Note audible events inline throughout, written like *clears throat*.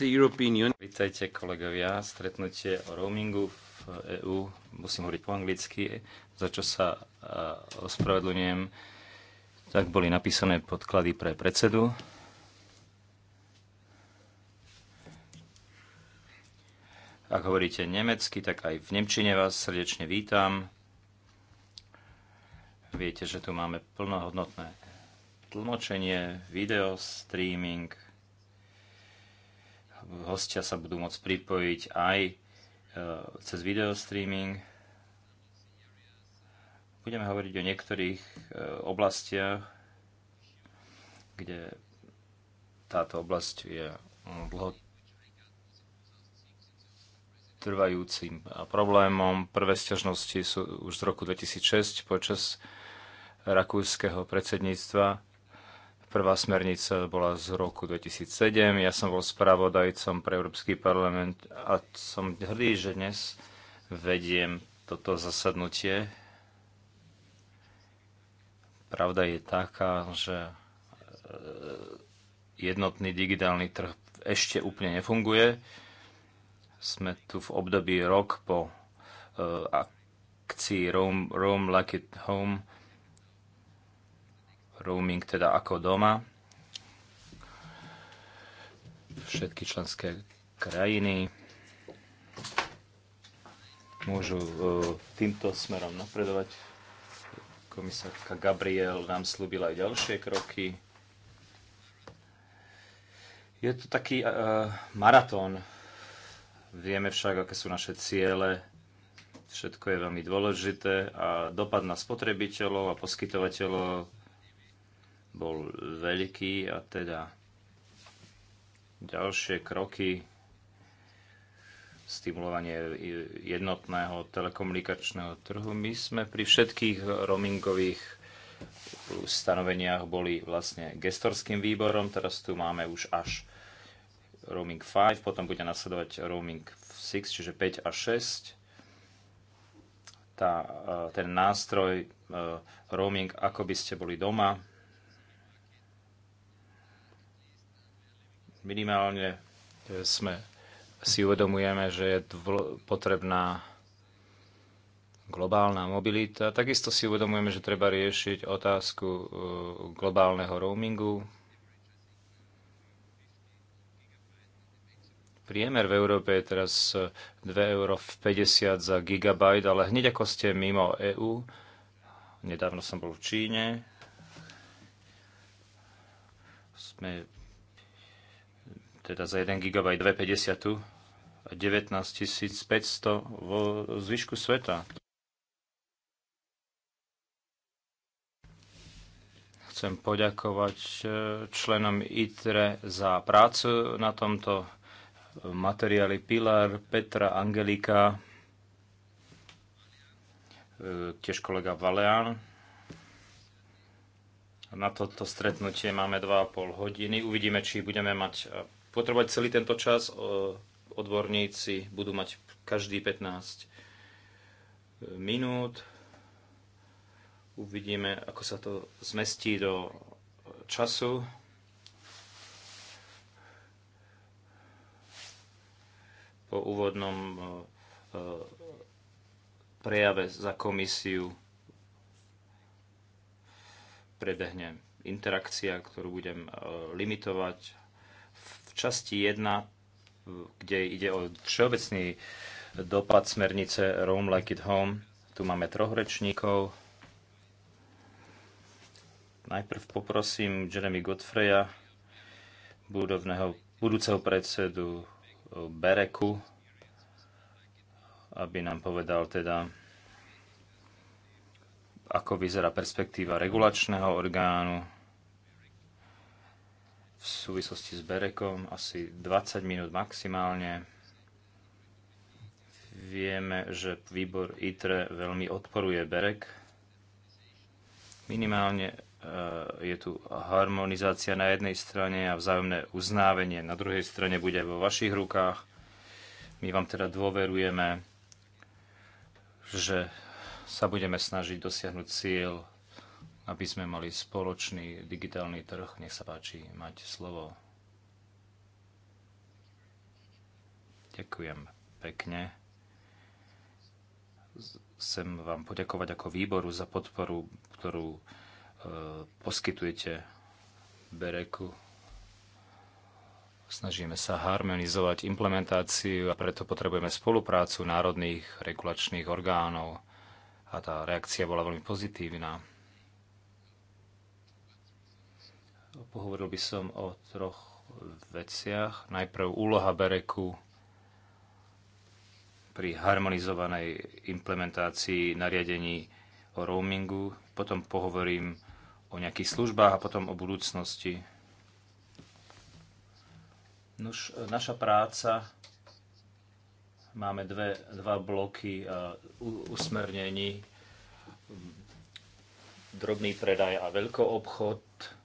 Vítajte kolegovia, stretnutie o roamingu v EÚ, musím hovoriť po anglicky, za čo sa e, ospravedlňujem. Tak boli napísané podklady pre predsedu. Ak hovoríte nemecky, tak aj v Nemčine vás srdečne vítam. Viete, že tu máme plnohodnotné tlmočenie, video, streaming, hostia sa budú môcť pripojiť aj e, cez video streaming. Budeme hovoriť o niektorých e, oblastiach, kde táto oblasť je e, dlho trvajúcim problémom. Prvé sťažnosti sú už z roku 2006 počas rakúskeho predsedníctva Prvá smernica bola z roku 2007. Ja som bol spravodajcom pre Európsky parlament a som hrdý, že dnes vediem toto zasadnutie. Pravda je taká, že e, jednotný digitálny trh ešte úplne nefunguje. Sme tu v období rok po e, akcii Rome Rome Like It Home – roaming teda ako doma. Všetky členské krajiny môžu e, týmto smerom napredovať. Komisárka Gabriel nám slúbila aj ďalšie kroky. Je to taký uh, maratón. Vieme však, aké sú naše ciele. Všetko je veľmi dôležité a dopad na spotrebiteľov a poskytovateľov bol veľký a teda ďalšie kroky stimulovanie jednotného telekomunikačného trhu. My sme pri všetkých roamingových stanoveniach boli vlastne gestorským výborom, teraz tu máme už až roaming 5, potom bude nasledovať roaming 6, čiže 5 a 6. Tá, eh, ten nástroj eh, roaming, ako by ste boli doma, minimálne e, sme, si uvedomujeme, že je potrebná globálna mobilita. Takisto si uvedomujeme, že treba riešiť otázku e, globálneho roamingu. Priemer v Európe je teraz 2,50 e, eur za gigabajt, ale hneď ako ste mimo EÚ, nedávno som bol v Číne, sme teda za 1 GB 250 a 19 500 vo zvyšku sveta. Chcem poďakovať eh, členom ITRE za prácu na tomto materiáli Pilar, Petra, Angelika, eh, tiež kolega Valean. Na toto stretnutie máme 2,5 hodiny. Uvidíme, či budeme mať potrebovať celý tento čas. Odborníci budú mať každý 15 e, minút. Uvidíme, ako sa to zmestí do času. Po úvodnom e, e, prejave za komisiu prebehne interakcia, ktorú budem limitovať časti 1, kde ide o všeobecný dopad smernice Roam Like It Home. Tu máme troch rečníkov. Najprv poprosím Jeremy Godfreya, budovného, budúceho predsedu Bereku, aby nám povedal teda, ako vyzerá perspektíva regulačného orgánu v súvislosti s Berekom asi 20 minút maximálne. Vieme, že výbor ITRE veľmi odporuje Berek. Minimálne e, je tu harmonizácia na jednej strane a vzájomné uznávenie na druhej strane bude vo vašich rukách. My vám teda dôverujeme, že sa budeme snažiť dosiahnuť cieľ aby sme mali spoločný digitálny trh. Nech sa páči, mať slovo. Ďakujem pekne. Chcem vám poďakovať ako výboru za podporu, ktorú e, poskytujete Bereku. Snažíme sa harmonizovať implementáciu a preto potrebujeme spoluprácu národných regulačných orgánov. A tá reakcia bola veľmi pozitívna Pohovoril by som o troch veciach. Najprv úloha Bereku pri harmonizovanej implementácii nariadení o roamingu, potom pohovorím o nejakých službách a potom o budúcnosti. Nož, naša práca, máme dve, dva bloky e, usmernení, drobný predaj a veľkoobchod, obchod,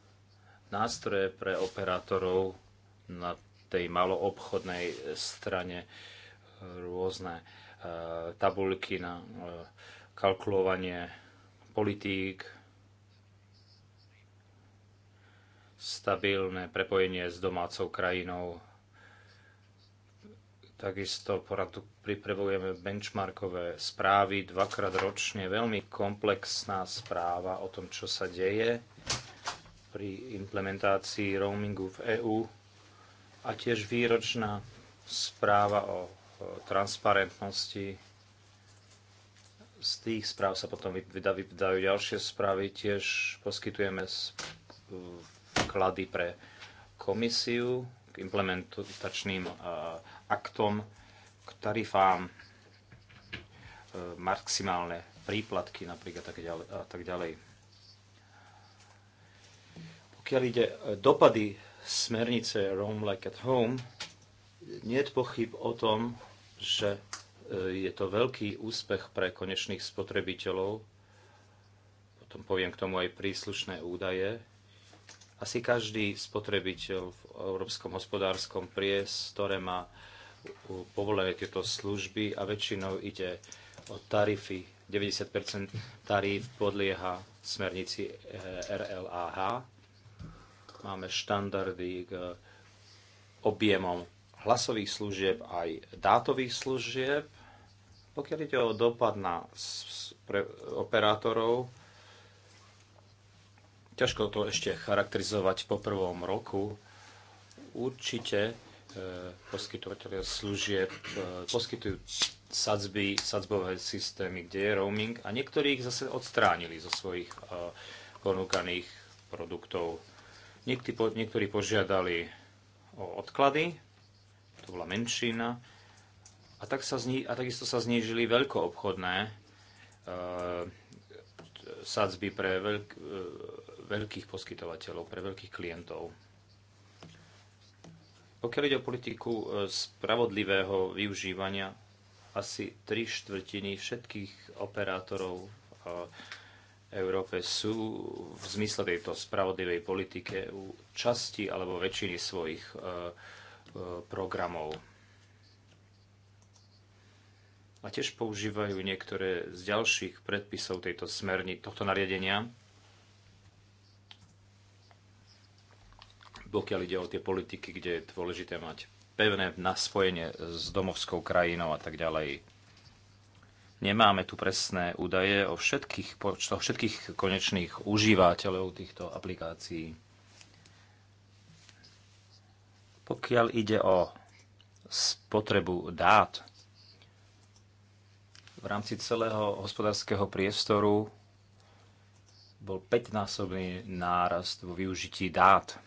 nástroje pre operátorov na tej maloobchodnej strane e, rôzne e, tabulky na e, kalkulovanie politík, stabilné prepojenie s domácou krajinou. Takisto poradu pripravujeme benchmarkové správy dvakrát ročne. Veľmi komplexná správa o tom, čo sa deje pri implementácii roamingu v EÚ a tiež výročná správa o transparentnosti. Z tých správ sa potom vydajú ďalšie správy. Tiež poskytujeme vklady pre komisiu k implementačným aktom, k tarifám, e, maximálne príplatky napríklad a tak ďalej. Pokiaľ ide e, dopady smernice Roam Like at Home, nie je pochyb o tom, že e, je to veľký úspech pre konečných spotrebiteľov. Potom poviem k tomu aj príslušné údaje. Asi každý spotrebiteľ v európskom hospodárskom priestore má povolené tieto služby a väčšinou ide o tarify. 90% tarif podlieha smernici e, RLAH Máme štandardy k eh, objemom hlasových služieb aj dátových služieb. Pokiaľ ide o dopad na operátorov, ťažko to ešte charakterizovať po prvom roku. Určite eh, poskytovateľia služieb eh, poskytujú sadzby, sadzbové systémy, kde je roaming a niektorí ich zase odstránili zo svojich ponúkaných produktov niektorí požiadali o odklady, to bola menšina, a, tak sa zni, a takisto sa znížili veľkoobchodné e, sadzby pre veľk, e, veľkých poskytovateľov, pre veľkých klientov. Pokiaľ ide o politiku e, spravodlivého využívania, asi tri štvrtiny všetkých operátorov e, Európe sú v zmysle tejto spravodlivej politike u časti alebo väčšiny svojich e, e, programov. A tiež používajú niektoré z ďalších predpisov tejto smerni, tohto nariadenia, pokiaľ ide o tie politiky, kde je dôležité mať pevné naspojenie s domovskou krajinou a tak ďalej. Nemáme tu presné údaje o všetkých o všetkých konečných užívateľov týchto aplikácií. Pokiaľ ide o spotrebu dát, v rámci celého hospodárskeho priestoru bol 5-násobný nárast vo využití dát.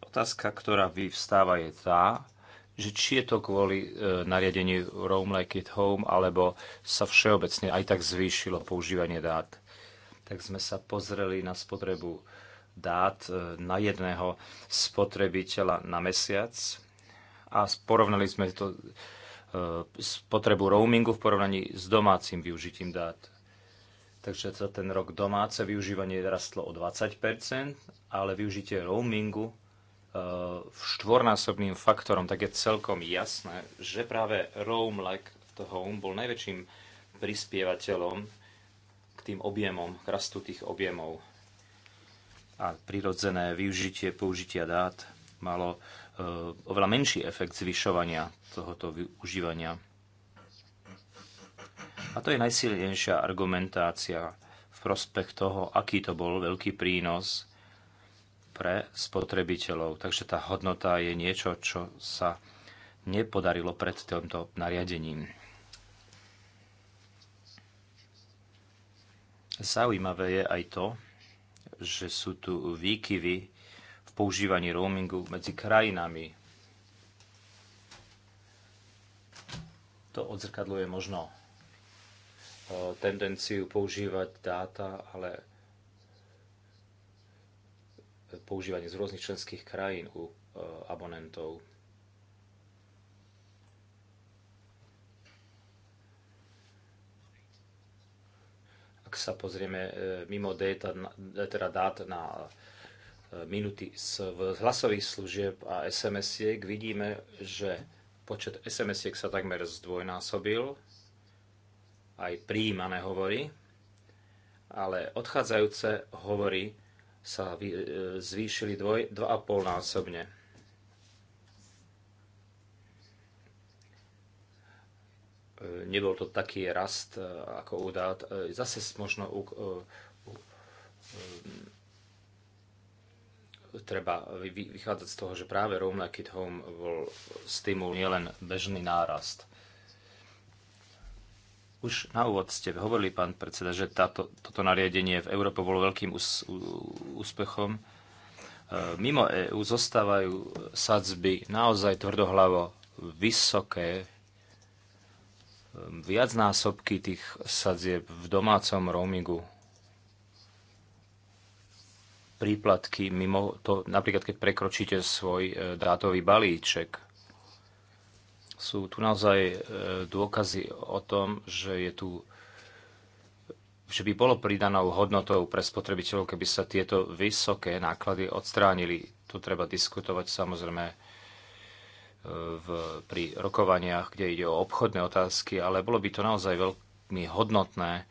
Otázka, ktorá vyvstáva, je tá, že či je to kvôli e, nariadeniu Roam Like It Home, alebo sa všeobecne aj tak zvýšilo používanie dát. Tak sme sa pozreli na spotrebu dát e, na jedného spotrebiteľa na mesiac a porovnali sme to e, spotrebu roamingu v porovnaní s domácim využitím dát. Takže za ten rok domáce využívanie rastlo o 20%, ale využitie roamingu štvornásobným faktorom, tak je celkom jasné, že práve Rome Like the Home bol najväčším prispievateľom k tým objemom, k rastu tých objemov. A prirodzené využitie, použitia dát malo e, oveľa menší efekt zvyšovania tohoto využívania. A to je najsilnejšia argumentácia v prospech toho, aký to bol veľký prínos pre spotrebiteľov. Takže tá hodnota je niečo, čo sa nepodarilo pred týmto nariadením. Zaujímavé je aj to, že sú tu výkyvy v používaní roamingu medzi krajinami. To odzrkadluje možno eh, tendenciu používať dáta, ale používanie z rôznych členských krajín u e, abonentov. Ak sa pozrieme e, mimo data, teda dát na e, minuty z hlasových služieb a SMS-iek, vidíme, že počet SMS-iek sa takmer zdvojnásobil, aj príjmané hovory, ale odchádzajúce hovory sa e, zvýšili 2,5 násobne. E, nebol to taký rast e, ako udát. Zase možno u, u, u, treba vychádzať z toho, že práve Roam Like It Home bol stimul nielen bežný nárast. Už na úvod ste hovorili, pán predseda, že táto, toto nariadenie v Európe bolo veľkým ús, úspechom. E, mimo EÚ zostávajú sadzby naozaj tvrdohlavo vysoké, e, viac násobky tých sadzieb v domácom roamingu. Príplatky mimo to, napríklad keď prekročíte svoj e, dátový balíček, sú tu naozaj e, dôkazy o tom, že je tu že by bolo pridanou hodnotou pre spotrebiteľov, keby sa tieto vysoké náklady odstránili. Tu treba diskutovať samozrejme e, v, pri rokovaniach, kde ide o obchodné otázky, ale bolo by to naozaj veľmi hodnotné,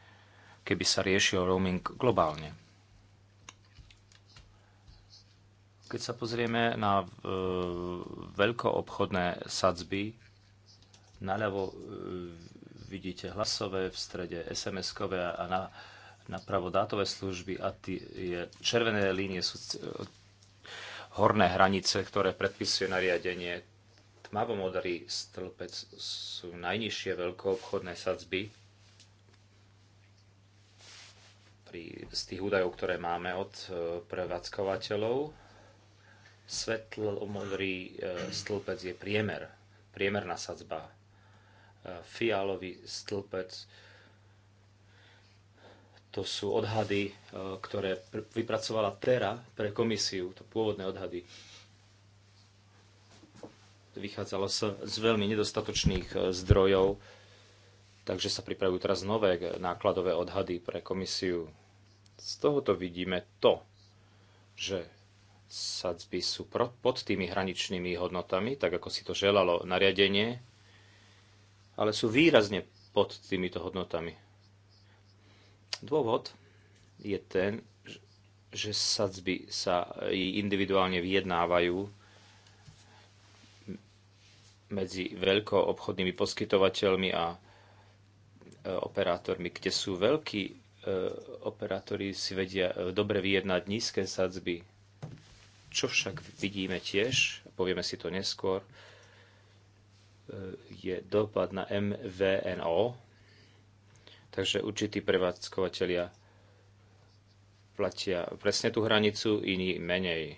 keby sa riešil roaming globálne. Keď sa pozrieme na e, veľkoobchodné sadzby, Naľavo e, vidíte hlasové, v strede SMS-kové a na, pravo dátové služby a tie červené línie sú e, horné hranice, ktoré predpisuje nariadenie. Tmavomodrý stĺpec sú najnižšie veľkoobchodné sadzby pri, z tých údajov, ktoré máme od e, prevádzkovateľov. Svetlomodrý stĺpec je priemer, priemerná sadzba fialový stĺpec. To sú odhady, e, ktoré vypracovala TERA pre komisiu, to pôvodné odhady. Vychádzalo sa z veľmi nedostatočných e, zdrojov, takže sa pripravujú teraz nové e, nákladové odhady pre komisiu. Z tohoto vidíme to, že sadzby sú pod tými hraničnými hodnotami, tak ako si to želalo nariadenie ale sú výrazne pod týmito hodnotami. Dôvod je ten, že sadzby sa individuálne vyjednávajú medzi veľkoobchodnými poskytovateľmi a e, operátormi, kde sú veľkí e, operátori si vedia e, dobre vyjednať nízke sadzby, čo však vidíme tiež, povieme si to neskôr, je dopad na MVNO, takže určití prevádzkovateľia platia presne tú hranicu, iní menej.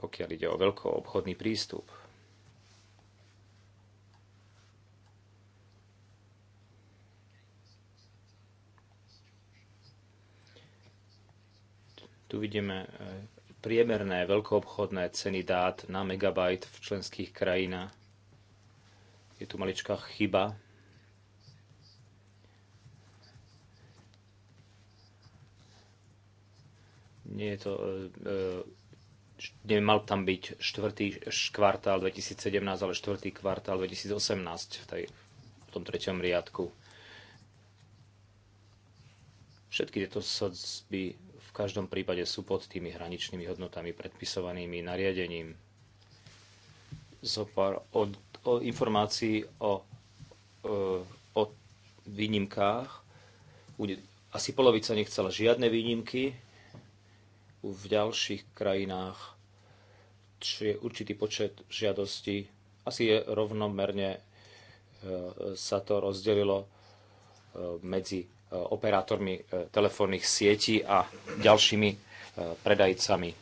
Pokiaľ ide o obchodný prístup. Tu vidíme e, priemerné veľkoobchodné ceny dát na megabajt v členských krajinách. Je tu maličká chyba. Nie je to, e, e nemal tam byť štvrtý kvartál 2017, ale štvrtý kvartál 2018 v, tej, v tom treťom riadku. Všetky tieto sodzby v každom prípade sú pod tými hraničnými hodnotami predpisovanými nariadením. Zopár od, o informácií o, o, e, o výnimkách. Asi polovica nechcela žiadne výnimky. V ďalších krajinách či je určitý počet žiadostí. Asi je rovnomerne e, sa to rozdelilo e, medzi Eh, operátormi eh, telefónnych sietí a ďalšími eh, predajcami.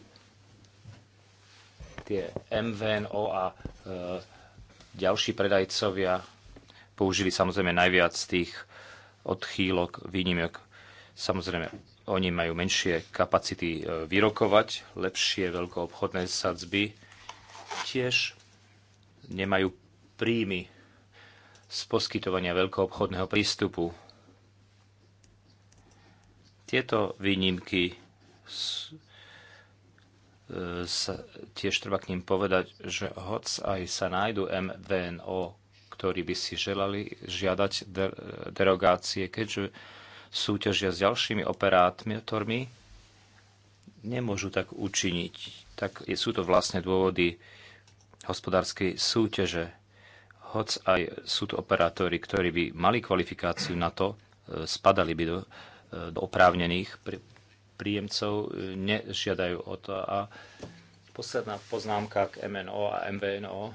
Tie MVNO a ďalší predajcovia použili samozrejme najviac tých odchýlok, výnimok. Samozrejme, oni majú menšie kapacity vyrokovať, lepšie veľkoobchodné sadzby, tiež nemajú príjmy z poskytovania veľkoobchodného prístupu tieto výnimky e, sa, tiež treba k ním povedať, že hoc aj sa nájdu MVNO, ktorí by si želali žiadať derogácie, keďže súťažia s ďalšími operátormi, nemôžu tak učiniť. Tak sú to vlastne dôvody hospodárskej súťaže. Hoc aj sú to operátori, ktorí by mali kvalifikáciu na to, e, spadali by do E, oprávnených príjemcov e, nežiadajú o to. A posledná poznámka k MNO a MVNO. E,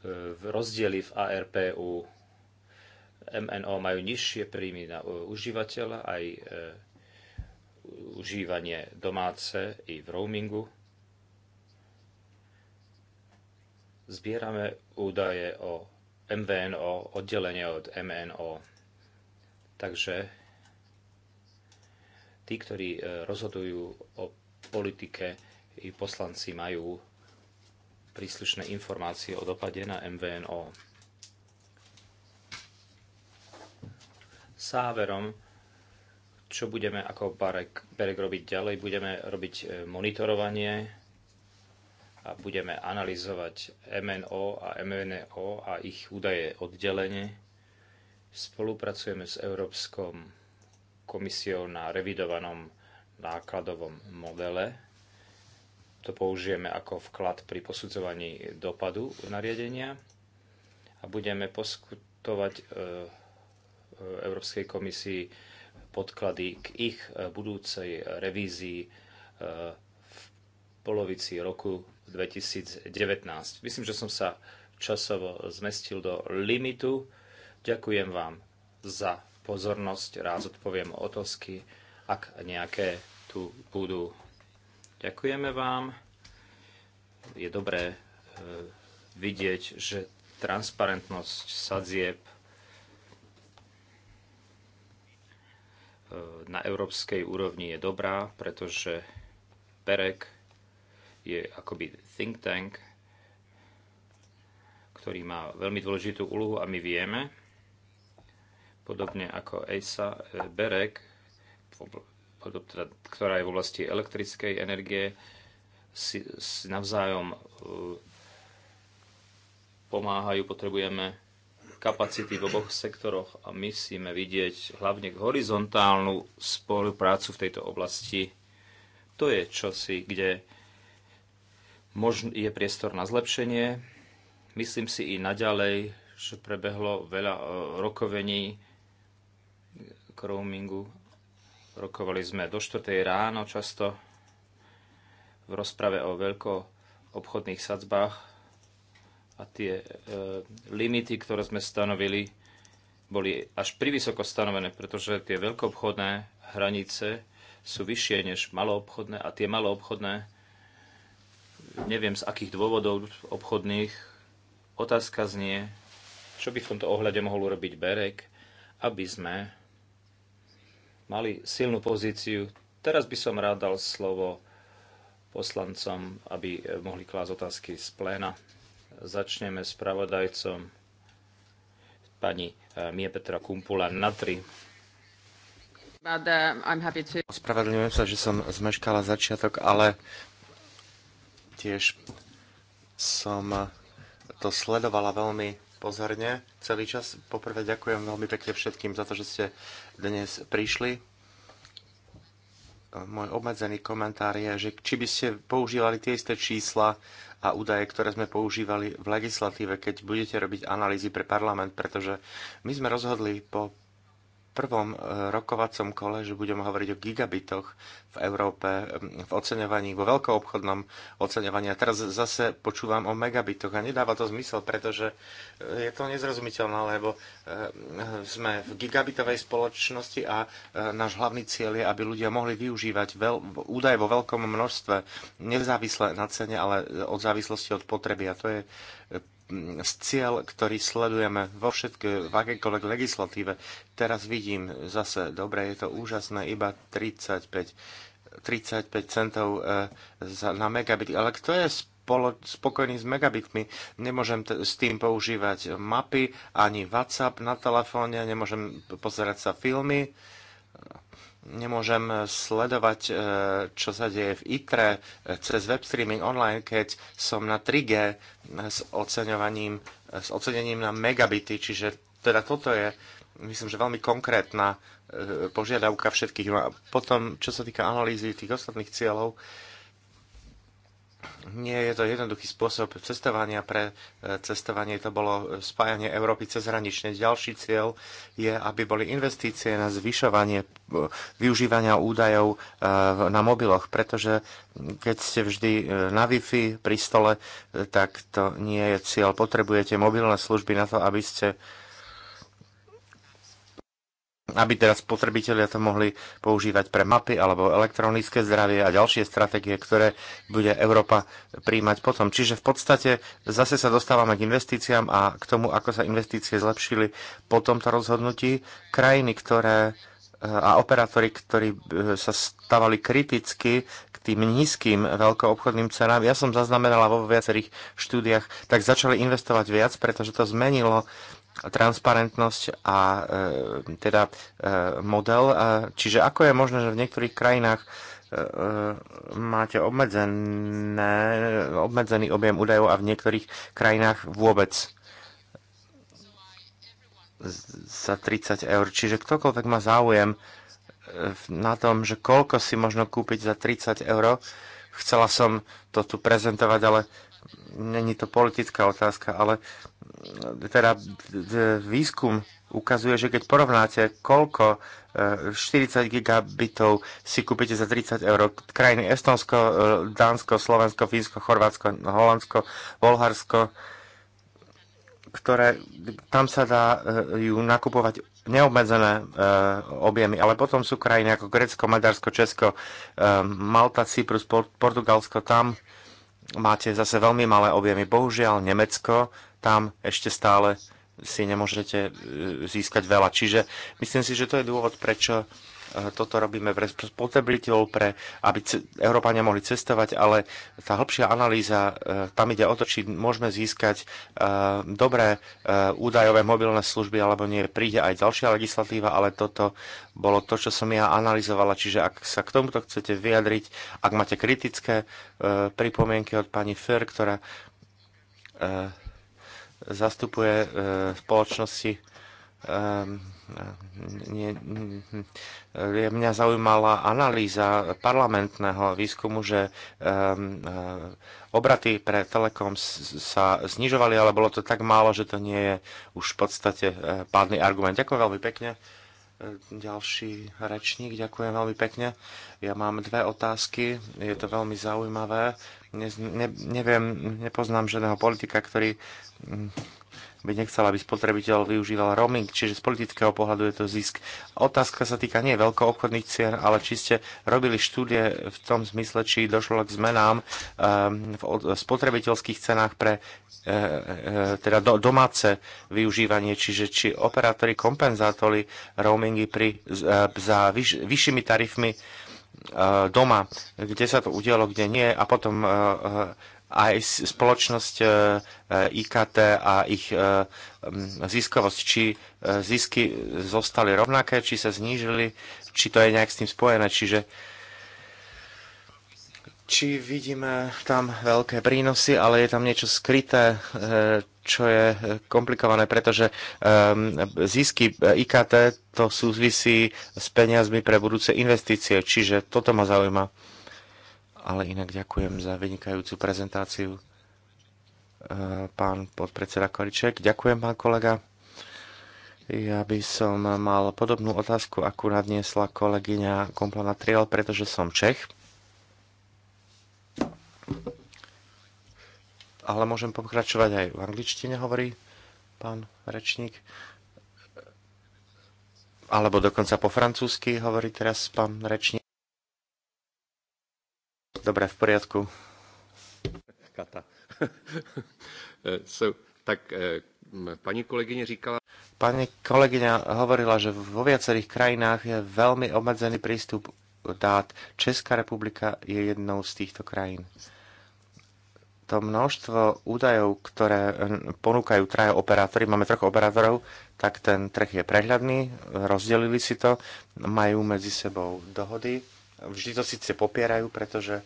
v rozdieli v ARPU MNO majú nižšie príjmy na užívateľa, aj užívanie domáce i v roamingu. Zbierame údaje o MVNO, oddelenie od MNO Takže tí, ktorí e, rozhodujú o politike, i poslanci majú príslušné informácie o dopade na MVNO. Sáverom, čo budeme ako Barek, Berek robiť ďalej, budeme robiť e, monitorovanie a budeme analyzovať MNO a MNO a ich údaje oddelenie Spolupracujeme s Európskou komisiou na revidovanom nákladovom modele. To použijeme ako vklad pri posudzovaní dopadu nariadenia a budeme poskutovať e, e, Európskej komisii podklady k ich e, budúcej revízii v polovici roku 2019. Myslím, že som sa časovo zmestil do limitu. Ďakujem vám za pozornosť, rád odpoviem otázky, ak nejaké tu budú. Ďakujeme vám. Je dobré e, vidieť, že transparentnosť sadzieb e, na európskej úrovni je dobrá, pretože PEREK je akoby think tank, ktorý má veľmi dôležitú úlohu a my vieme, podobne ako ESA e, BEREK, teda, ktorá je v oblasti elektrickej energie, si, si navzájom e, pomáhajú, potrebujeme kapacity v oboch sektoroch a musíme vidieť hlavne horizontálnu spoluprácu v tejto oblasti. To je čosi, kde je priestor na zlepšenie. Myslím si i naďalej, že prebehlo veľa e, rokovení k roamingu. Rokovali sme do 4. ráno často v rozprave o veľko obchodných sadzbách a tie e, limity, ktoré sme stanovili, boli až privysoko stanovené, pretože tie veľkoobchodné hranice sú vyššie než maloobchodné a tie maloobchodné, neviem z akých dôvodov obchodných, otázka znie, čo by v tomto ohľade mohol urobiť Berek, aby sme mali silnú pozíciu. Teraz by som rád dal slovo poslancom, aby eh, mohli klásť otázky z pléna. Začneme s pravodajcom pani eh, Mie Petra Kumpula na 3. To... Ospravedlňujem sa, že som zmeškala začiatok, ale tiež som to sledovala veľmi pozorne celý čas. Poprvé ďakujem veľmi pekne všetkým za to, že ste dnes prišli. E, môj obmedzený komentár je, že či by ste používali tie isté čísla a údaje, ktoré sme používali v legislatíve, keď budete robiť analýzy pre parlament, pretože my sme rozhodli po prvom e, rokovacom kole, že budem hovoriť o gigabitoch v Európe, e, v oceňovaní, vo veľkoobchodnom oceňovaní. A teraz zase počúvam o megabitoch a nedáva to zmysel, pretože e, je to nezrozumiteľné, lebo sme v gigabitovej spoločnosti a náš hlavný cieľ je, aby ľudia mohli využívať veľ, údaj vo veľkom množstve, nezávisle na cene, ale od závislosti od potreby. A to je Mm, cieľ, ktorý sledujeme vo všetk, v akékoľvek legislatíve. Teraz vidím zase, dobre, je to úžasné, iba 35, 35 centov e, za, na megabit. Ale kto je spokojný s megabitmi? Nemôžem s tým používať mapy, ani WhatsApp na telefóne, nemôžem pozerať sa filmy. E, nemôžem e, sledovať, e, čo sa deje v ITRE e, cez web streaming online, keď som na 3G s, oceňovaním, s ocenením na megabity, čiže teda toto je, myslím, že veľmi konkrétna požiadavka všetkých. No a potom, čo sa týka analýzy tých ostatných cieľov, nie je to jednoduchý spôsob cestovania. Pre e, cestovanie to bolo spájanie Európy cezhranične. Ďalší cieľ je, aby boli investície na zvyšovanie e, využívania údajov e, na mobiloch, pretože keď ste vždy na Wi-Fi pri stole, tak to nie je cieľ. Potrebujete mobilné služby na to, aby ste aby teraz spotrebitelia to mohli používať pre mapy alebo elektronické zdravie a ďalšie stratégie, ktoré bude Európa príjmať potom. Čiže v podstate zase sa dostávame k investíciám a k tomu, ako sa investície zlepšili po tomto rozhodnutí. Krajiny, ktoré e, a operátori, ktorí e, sa stávali kriticky k tým nízkym veľkoobchodným cenám, ja som zaznamenala vo viacerých štúdiách, tak začali investovať viac, pretože to zmenilo transparentnosť a e, teda e, model. E, čiže ako je možné, že v niektorých krajinách e, e, máte obmedzené, obmedzený objem údajov a v niektorých krajinách vôbec za 30 eur. Čiže ktokoľvek má záujem e, na tom, že koľko si možno kúpiť za 30 eur, chcela som to tu prezentovať, ale není to politická otázka, ale mm, teda výskum ukazuje, že keď porovnáte, koľko 40 e, gigabitov si kúpite za 30 eur, krajiny Estonsko, e, Dánsko, Slovensko, Fínsko, Chorvátsko, Holandsko, Volharsko, ktoré tam sa dá e, ju nakupovať neobmedzené e, objemy, ale potom sú krajiny ako Grécko, Maďarsko, Česko, e, Malta, Cyprus, Portugalsko, tam máte zase veľmi malé objemy. Bohužiaľ, Nemecko, tam ešte stále si nemôžete e, získať veľa. Čiže myslím si, že to je dôvod, prečo Eh, toto robíme pre spotrebiteľov, pre, aby Európania mohli cestovať, ale tá hĺbšia analýza, eh, tam ide o to, či môžeme získať eh, dobré údajové mobilné služby, alebo nie. Príde aj ďalšia legislatíva, ale toto bolo to, čo som ja analyzovala. Čiže ak sa k tomuto chcete vyjadriť, ak máte kritické pripomienky od pani Fer, ktorá zastupuje spoločnosti Ehm, nie, mňa zaujímala analýza parlamentného výskumu, že ehm, eh, obraty pre Telekom sa znižovali, ale bolo to tak málo, že to nie je už v podstate eh, pádny argument. Ďakujem veľmi pekne. Eh, ďalší rečník, ďakujem veľmi pekne. Ja mám dve otázky, je to veľmi zaujímavé. Ne, ne, neviem, nepoznám žiadneho politika, ktorý hm, by nechcel, aby spotrebiteľ využíval roaming, čiže z politického pohľadu je to zisk. Otázka sa týka nie veľkoobchodných cien, ale či ste robili štúdie v tom zmysle, či došlo k zmenám ehm, v spotrebiteľských cenách pre e, e, e, teda domáce využívanie, čiže či operátori kompenzátori roamingy pri, za vyš, vyššími tarifmi doma, kde sa to udialo, kde nie a potom aj spoločnosť e, e, IKT a ich e, ziskovosť, či zisky zostali rovnaké, či sa znížili, či to je nejak s tým spojené. Čiže či vidíme tam veľké prínosy, ale je tam niečo skryté, čo je komplikované, pretože zisky IKT to súvisí s peniazmi pre budúce investície, čiže toto ma zaujíma ale inak ďakujem za vynikajúcu prezentáciu. E, pán podpredseda Koriček, ďakujem, pán kolega. Ja by som mal podobnú otázku, akú nadniesla kolegyňa Komplana Triel, pretože som Čech. Ale môžem pokračovať aj v angličtine, hovorí pán rečník. Alebo dokonca po francúzsky, hovorí teraz pán rečník. Dobre, v poriadku. Kata. *laughs* Eh, so, tak eh, pani kolegyne říkala... Pani kolegyňa hovorila, že vo viacerých krajinách je veľmi obmedzený prístup dát. Česká republika je jednou z týchto krajín. To množstvo údajov, ktoré ponúkajú traje operátory, máme troch operátorov, tak ten trh je prehľadný, rozdelili si to, majú medzi sebou dohody Vždy to síce popierajú, pretože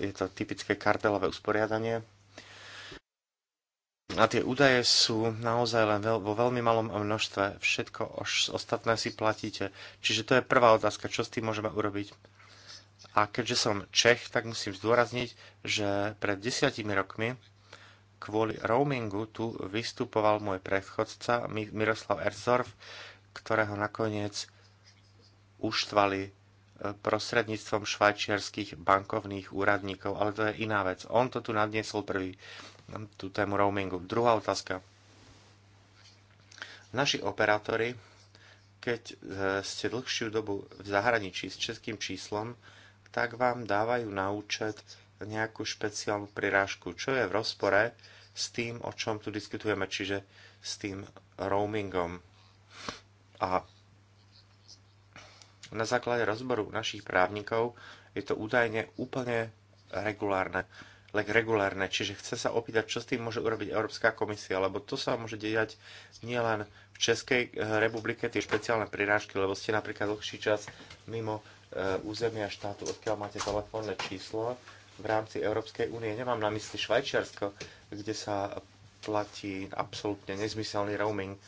je to typické kartelové usporiadanie. A tie údaje sú naozaj len vo veľmi malom množstve. Všetko až ostatné si platíte. Čiže to je prvá otázka, čo s tým môžeme urobiť. A keďže som Čech, tak musím zdôrazniť, že pred desiatimi rokmi kvôli roamingu tu vystupoval môj predchodca Miroslav Erzorf, ktorého nakoniec uštvali prostredníctvom švajčiarských bankovných úradníkov, ale to je iná vec. On to tu nadniesol prvý, tú tému roamingu. Druhá otázka. Naši operátori, keď e, ste dlhšiu dobu v zahraničí s českým číslom, tak vám dávajú na účet nejakú špeciálnu prirážku, čo je v rozpore s tým, o čom tu diskutujeme, čiže s tým roamingom. A na základe rozboru našich právnikov je to údajne úplne regulárne. Like regulárne, čiže chce sa opýtať, čo s tým môže urobiť Európska komisia, lebo to sa môže dejať nielen v Českej eh, republike tie špeciálne prirážky, lebo ste napríklad dlhší čas mimo eh, územia štátu, odkiaľ máte telefónne číslo v rámci Európskej únie. Nemám na mysli Švajčiarsko, kde sa platí absolútne nezmyselný roaming.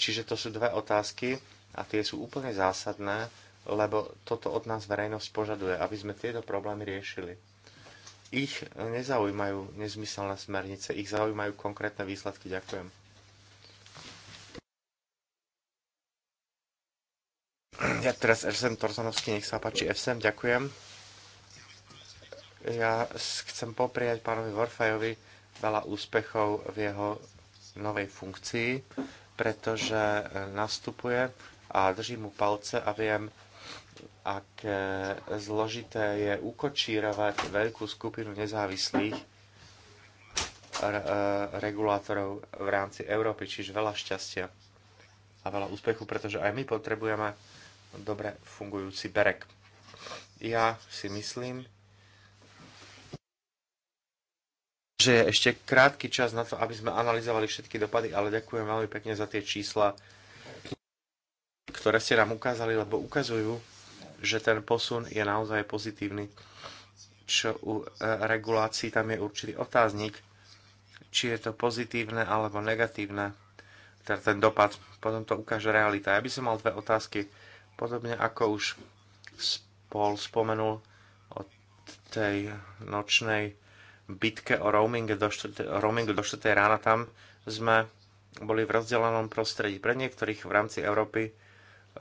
Čiže to sú dve otázky a tie sú úplne zásadné lebo toto od nás verejnosť požaduje, aby sme tieto problémy riešili. Ich nezaujímajú nezmyselné smernice, ich zaujímajú konkrétne výsledky. Ďakujem. Ja teraz Ersem Torzanovský, nech sa páči. Ersem, ďakujem. Ja chcem popriať pánovi Vorfajovi veľa úspechov v jeho novej funkcii, pretože e, nastupuje a držím mu palce a viem, aké e, zložité je ukočírovať veľkú skupinu nezávislých e, regulátorov v rámci Európy, čiže veľa šťastia a veľa úspechu, pretože aj my potrebujeme dobre fungujúci berek. Ja si myslím, že je ešte krátky čas na to, aby sme analyzovali všetky dopady, ale ďakujem veľmi pekne za tie čísla, ktoré ste nám ukázali, lebo ukazujú, že ten posun je naozaj pozitívny. Čo u e, regulácií tam je určitý otáznik, či je to pozitívne alebo negatívne, teda ten dopad. Potom to ukáže realita. Ja by som mal dve otázky. Podobne ako už Paul spomenul o tej nočnej bitke o roamingu do 4, roamingu do 4. rána, tam sme boli v rozdelenom prostredí. Pre niektorých v rámci Európy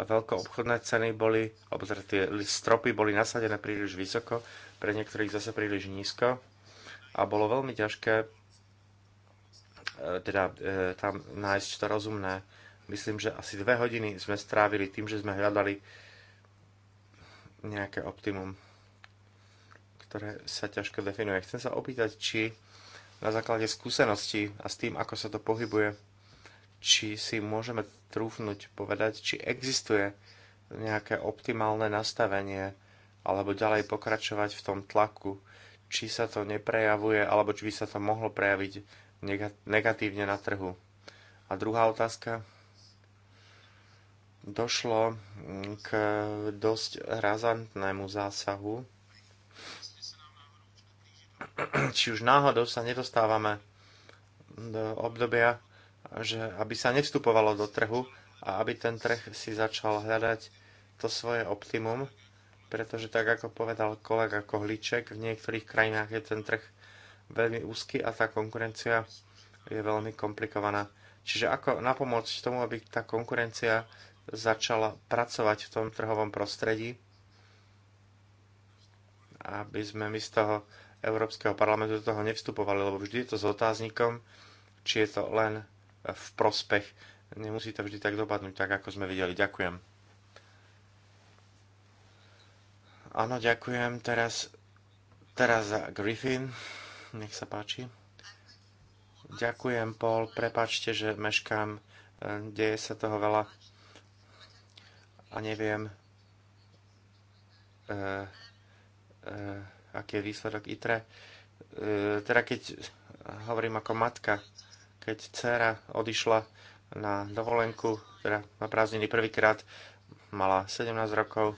obchodné ceny boli, alebo teda tie stropy boli nasadené príliš vysoko, pre niektorých zase príliš nízko a bolo veľmi ťažké e, teda e, tam nájsť to rozumné. Myslím, že asi dve hodiny sme strávili tým, že sme hľadali nejaké optimum, ktoré sa ťažko definuje. Chcem sa opýtať, či na základe skúseností a s tým, ako sa to pohybuje, či si môžeme trúfnuť povedať, či existuje nejaké optimálne nastavenie alebo ďalej pokračovať v tom tlaku, či sa to neprejavuje alebo či by sa to mohlo prejaviť negatívne na trhu. A druhá otázka. Došlo mm, k dosť razantnému zásahu. Či už náhodou sa nedostávame do obdobia, že aby sa nevstupovalo do trhu a aby ten trh si začal hľadať to svoje optimum, pretože tak ako povedal kolega Kohliček, v niektorých krajinách je ten trh veľmi úzky a tá konkurencia je veľmi komplikovaná. Čiže ako napomôcť tomu, aby tá konkurencia začala pracovať v tom trhovom prostredí, aby sme my z toho Európskeho parlamentu do toho nevstupovali, lebo vždy je to s otáznikom, či je to len v prospech. Nemusí to vždy tak dopadnúť, tak ako sme videli. Ďakujem. Áno, ďakujem. Teraz, teraz za Griffin. Nech sa páči. Ďakujem, Paul. Prepačte, že meškám. Eh, deje sa toho veľa. A neviem, e, e, aký je výsledok ITRE. E, teda keď hovorím ako matka, keď dcera odišla na dovolenku, teda na prázdniny prvýkrát, mala 17 rokov, e,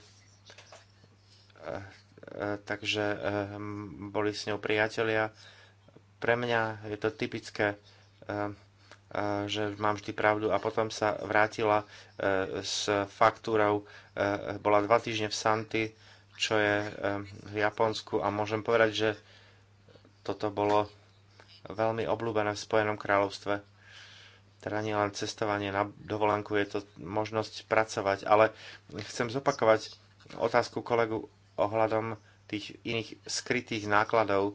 e, takže e, boli s ňou priatelia. Pre mňa je to typické, že mám vždy pravdu a potom sa vrátila s faktúrou, bola dva týždne v Santi, čo je v Japonsku a môžem povedať, že toto bolo veľmi obľúbené v Spojenom kráľovstve. Teda nie len cestovanie na dovolenku, je to možnosť pracovať. Ale chcem zopakovať otázku kolegu ohľadom tých iných skrytých nákladov. E,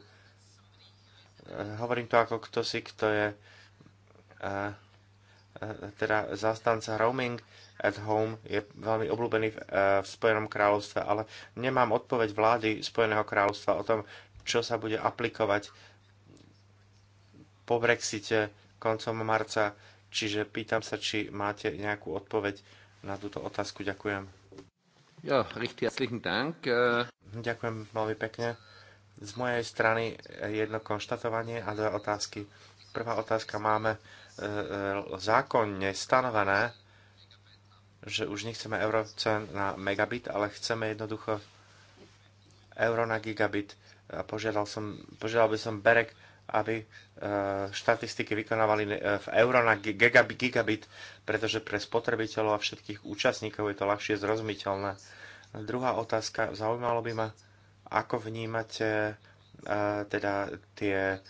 hovorím to ako kto si, kto je e, e, teda zastanca roaming at home je veľmi obľúbený v, v Spojenom kráľovstve, ale nemám odpoveď vlády Spojeného kráľovstva o tom, čo sa bude aplikovať po Brexite koncom marca. Čiže pýtam sa, či máte nejakú odpoveď na túto otázku. Ďakujem. Jo, richtig herzlichen Dank. Äh. Ďakujem veľmi pekne. Z mojej strany jedno konštatovanie a dve otázky. Prvá otázka máme e, e, zákonne stanovené, že už nechceme eurocen na megabit, ale chceme jednoducho euro na gigabit. A požiadal, som, požiadal by som Berek, aby e, štatistiky vykonávali e, v euro na gigabit, pretože pre spotrebiteľov a všetkých účastníkov je to ľahšie zrozumiteľné. Druhá otázka, zaujímalo by ma, ako vnímate e, teda tie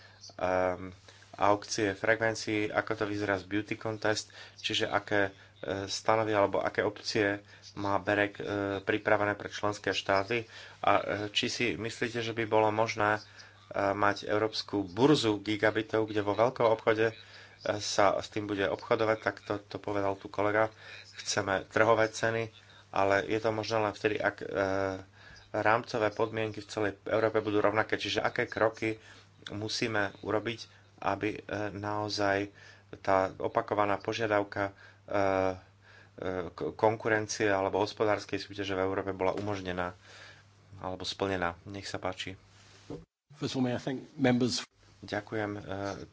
aukcie frekvencií, ako to vyzerá z beauty contest, čiže aké stanovy alebo aké opcie má Berek pripravené pre členské štáty a či si myslíte, že by bolo možné mať európsku burzu gigabitov, kde vo veľkom obchode sa s tým bude obchodovať, tak to, to povedal tu kolega. Chceme trhové ceny, ale je to možno len vtedy, ak e, rámcové podmienky v celej Európe budú rovnaké. Čiže aké kroky musíme urobiť, aby e, naozaj tá opakovaná požiadavka e, konkurencie alebo hospodárskej súťaže v Európe bola umožnená alebo splnená. Nech sa páči. Ďakujem eh,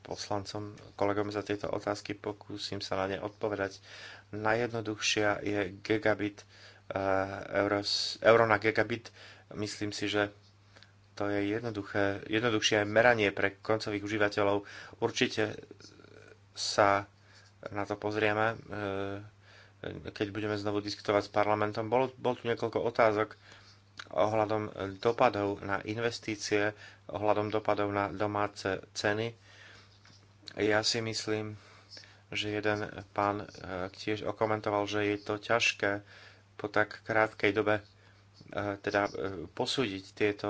poslancom, kolegom za tieto otázky. Pokúsim sa na ne odpovedať. Najjednoduchšia je gigabit, eh, euro, euro na gigabit. Myslím si, že to je jednoduché, jednoduchšie meranie pre koncových užívateľov. Určite sa na to pozrieme, eh, keď budeme znovu diskutovať s parlamentom. Bolo, bol tu niekoľko otázok ohľadom dopadov na investície, ohľadom dopadov na domáce ceny. Ja si myslím, že jeden pán eh, tiež okomentoval, že je to ťažké po tak krátkej dobe eh, teda eh, posúdiť tieto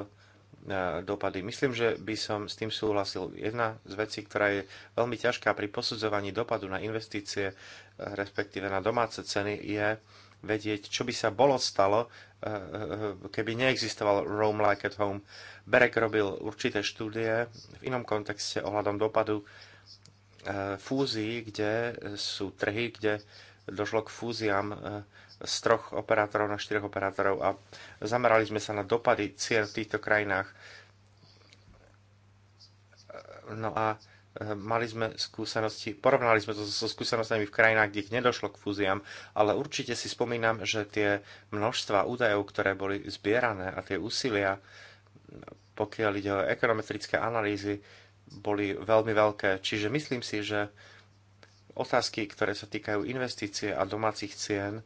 dopady. Myslím, že by som s tým súhlasil. Jedna z vecí, ktorá je veľmi ťažká pri posudzovaní dopadu na investície, respektíve na domáce ceny, je vedieť, čo by sa bolo stalo, eh, eh, keby neexistoval Rome Like at Home. Berek robil určité štúdie v inom kontexte ohľadom dopadu eh, fúzií, kde sú trhy, kde došlo k fúziám z troch operátorov na štyroch operátorov a zamerali sme sa na dopady cien v týchto krajinách. No a mali sme skúsenosti, porovnali sme to so skúsenostami v krajinách, kde ich nedošlo k fúziám, ale určite si spomínam, že tie množstva údajov, ktoré boli zbierané a tie úsilia, pokiaľ ide o ekonometrické analýzy, boli veľmi veľké. Čiže myslím si, že otázky, ktoré sa týkajú investície a domácich cien,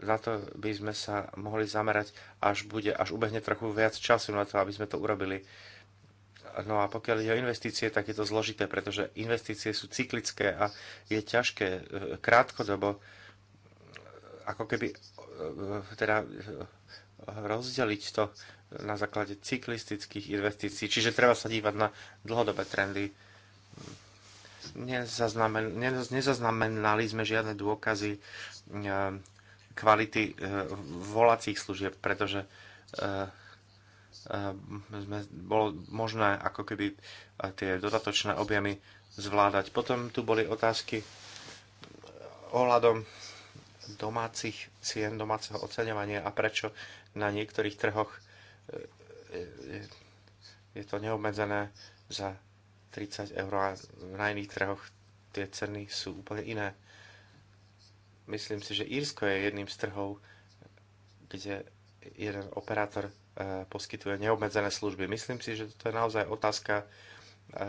na to by sme sa mohli zamerať, až, bude, až ubehne trochu viac času na to, aby sme to urobili No a pokiaľ ide o investície, tak je to zložité, pretože investície sú cyklické a je ťažké e, krátkodobo e, ako keby e, teda rozdeliť to na základe cyklistických investícií. Čiže treba sa dívať na dlhodobé trendy. Nezaznamen, nezaznamenali sme žiadne dôkazy kvality volacích služieb, pretože Ehm, sme, bolo možné ako keby eh, tie dodatočné objemy zvládať. Potom tu boli otázky eh, ohľadom domácich cien, domáceho oceňovania a prečo na niektorých trhoch eh, je to neobmedzené za 30 eur a na iných trhoch tie ceny sú úplne iné. Myslím si, že Írsko je jedným z trhov, kde jeden operátor e, poskytuje neobmedzené služby. Myslím si, že to je naozaj otázka e, e,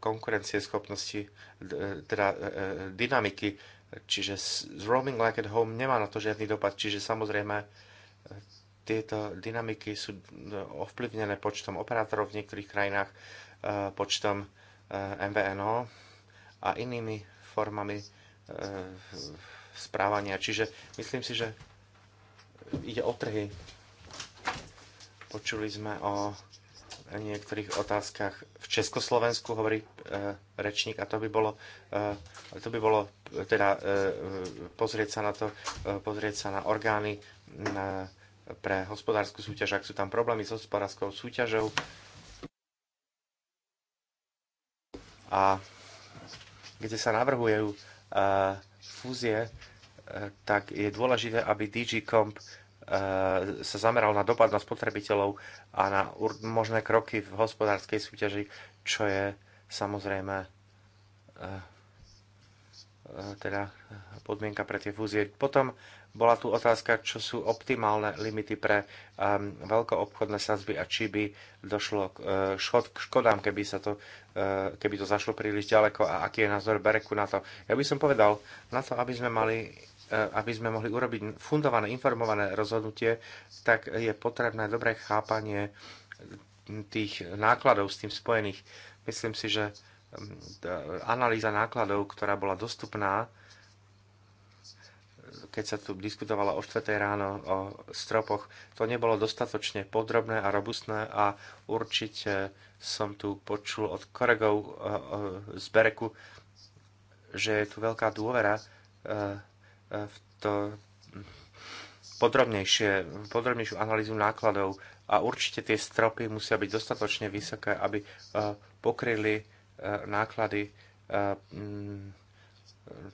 konkurencie schopnosti teda dynamiky. Čiže roaming like at home nemá na to žiadny dopad. Čiže samozrejme tieto dynamiky sú ovplyvnené počtom operátorov v niektorých krajinách, počtom MVNO a inými formami správania. Čiže myslím si, že ide o trhy. Počuli sme o niektorých otázkach v Československu, hovorí e, rečník, a to by bolo, e, to by bolo teda e, pozrieť sa na to, e, pozrieť sa na orgány na, pre hospodárskú súťaž, ak sú tam problémy s hospodárskou súťažou. A kde sa navrhujú e, fúzie, tak je dôležité, aby DigiComp eh, sa zameral na dopad na spotrebiteľov a na možné kroky v hospodárskej súťaži, čo je samozrejme eh, eh, teda podmienka pre tie fúzie. Potom bola tu otázka, čo sú optimálne limity pre um, veľkoobchodné sadzby a či by došlo k, uh, škod, k škodám, keby, sa to, uh, keby to zašlo príliš ďaleko a aký je názor Bereku na to. Ja by som povedal, na to, aby sme mali E, aby sme mohli urobiť fundované, informované rozhodnutie, tak je potrebné dobré chápanie tých nákladov s tým spojených. Myslím si, že analýza nákladov, ktorá bola dostupná, keď sa tu diskutovalo o 4. ráno o stropoch, to nebolo dostatočne podrobné a robustné a určite som tu počul od kolegov e, e, z Bereku, že je tu veľká dôvera E, v to podrobnejšie, podrobnejšiu analýzu nákladov a určite tie stropy musia byť dostatočne vysoké, aby e, pokryli e, náklady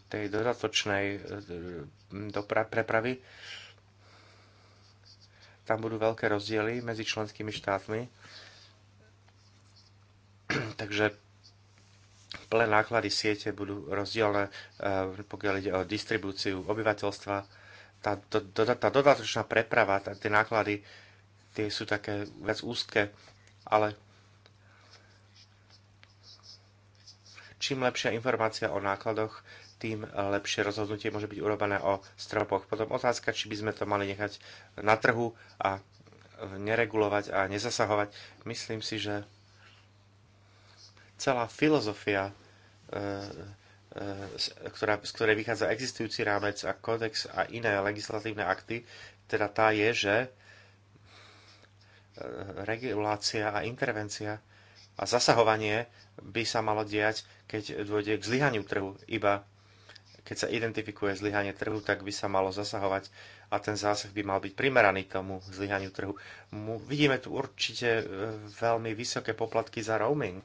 tej dodatočnej prepravy. Tam budú veľké rozdiely medzi členskými štátmi. *clears throat* Takže plné náklady siete budú rozdielne, eh, pokiaľ ide o distribúciu obyvateľstva. Tá, do, do, tá dodatočná preprava, tá, tie náklady, tie sú také viac úzke, ale čím lepšia informácia o nákladoch, tým eh, lepšie rozhodnutie môže byť urobené o stropoch. Potom otázka, či by sme to mali nechať na trhu a eh, neregulovať a nezasahovať. Myslím si, že celá filozofia E, e, ktorá, z ktorej vychádza existujúci rámec a kódex a iné legislatívne akty, teda tá je, že e, regulácia a intervencia a zasahovanie by sa malo diať, keď dôjde k zlyhaniu trhu. Iba keď sa identifikuje zlyhanie trhu, tak by sa malo zasahovať a ten zásah by mal byť primeraný tomu zlyhaniu trhu. Vidíme tu určite veľmi vysoké poplatky za roaming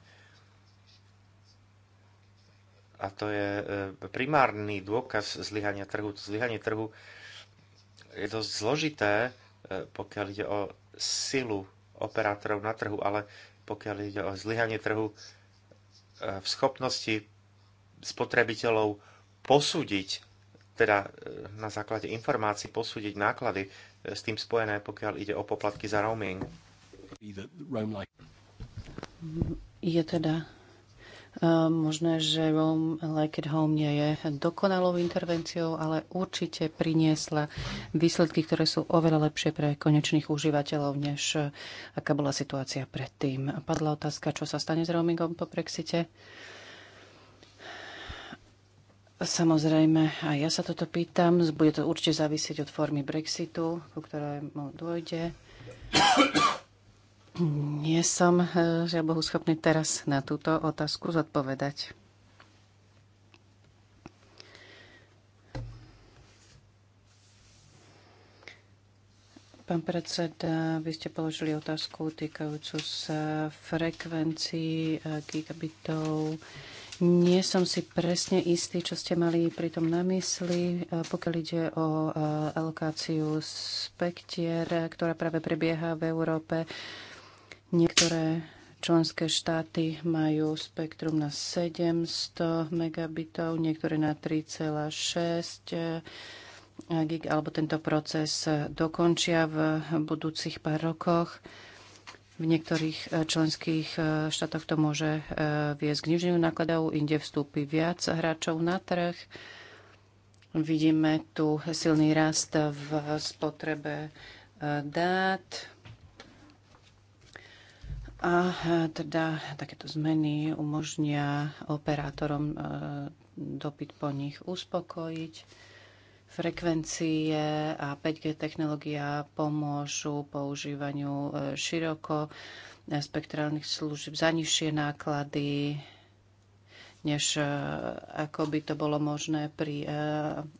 a to je e, primárny dôkaz zlyhania trhu. Zlyhanie trhu je dosť zložité, e, pokiaľ ide o silu operátorov na trhu, ale pokiaľ ide o zlyhanie trhu e, v schopnosti spotrebiteľov posúdiť, teda na základe informácií posúdiť náklady s tým spojené, pokiaľ ide o poplatky za roaming. Je teda Ehm, možné, že Rome Like at Home nie je dokonalou intervenciou, ale určite priniesla výsledky, ktoré sú oveľa lepšie pre konečných užívateľov, než eh, aká bola situácia predtým. Padla otázka, čo sa stane s roamingom po Brexite. Samozrejme, aj ja sa toto pýtam. Bude to určite závisieť od formy Brexitu, ku ktorému dôjde. Nie som, eh, žiaľ Bohu, schopný teraz na túto otázku zodpovedať. Pán predseda, vy ste položili otázku týkajúcu sa frekvencií eh, gigabitov. Nie som si presne istý, čo ste mali pritom na mysli, eh, pokiaľ ide o alokáciu spektier, ktorá práve prebieha v Európe. Niektoré členské štáty majú spektrum na 700 megabitov, niektoré na 3,6 eh, gig, alebo tento proces dokončia v budúcich pár rokoch. V niektorých eh, členských eh, štátoch to môže viesť k niženiu nákladov, inde vstúpi viac hráčov na trh. Vidíme tu silný rast v spotrebe dát, a e, teda takéto zmeny umožnia operátorom e, dopyt po nich uspokojiť. Frekvencie a 5G technológia pomôžu používaniu e, široko spektrálnych služieb za nižšie náklady, než ako by to bolo možné pri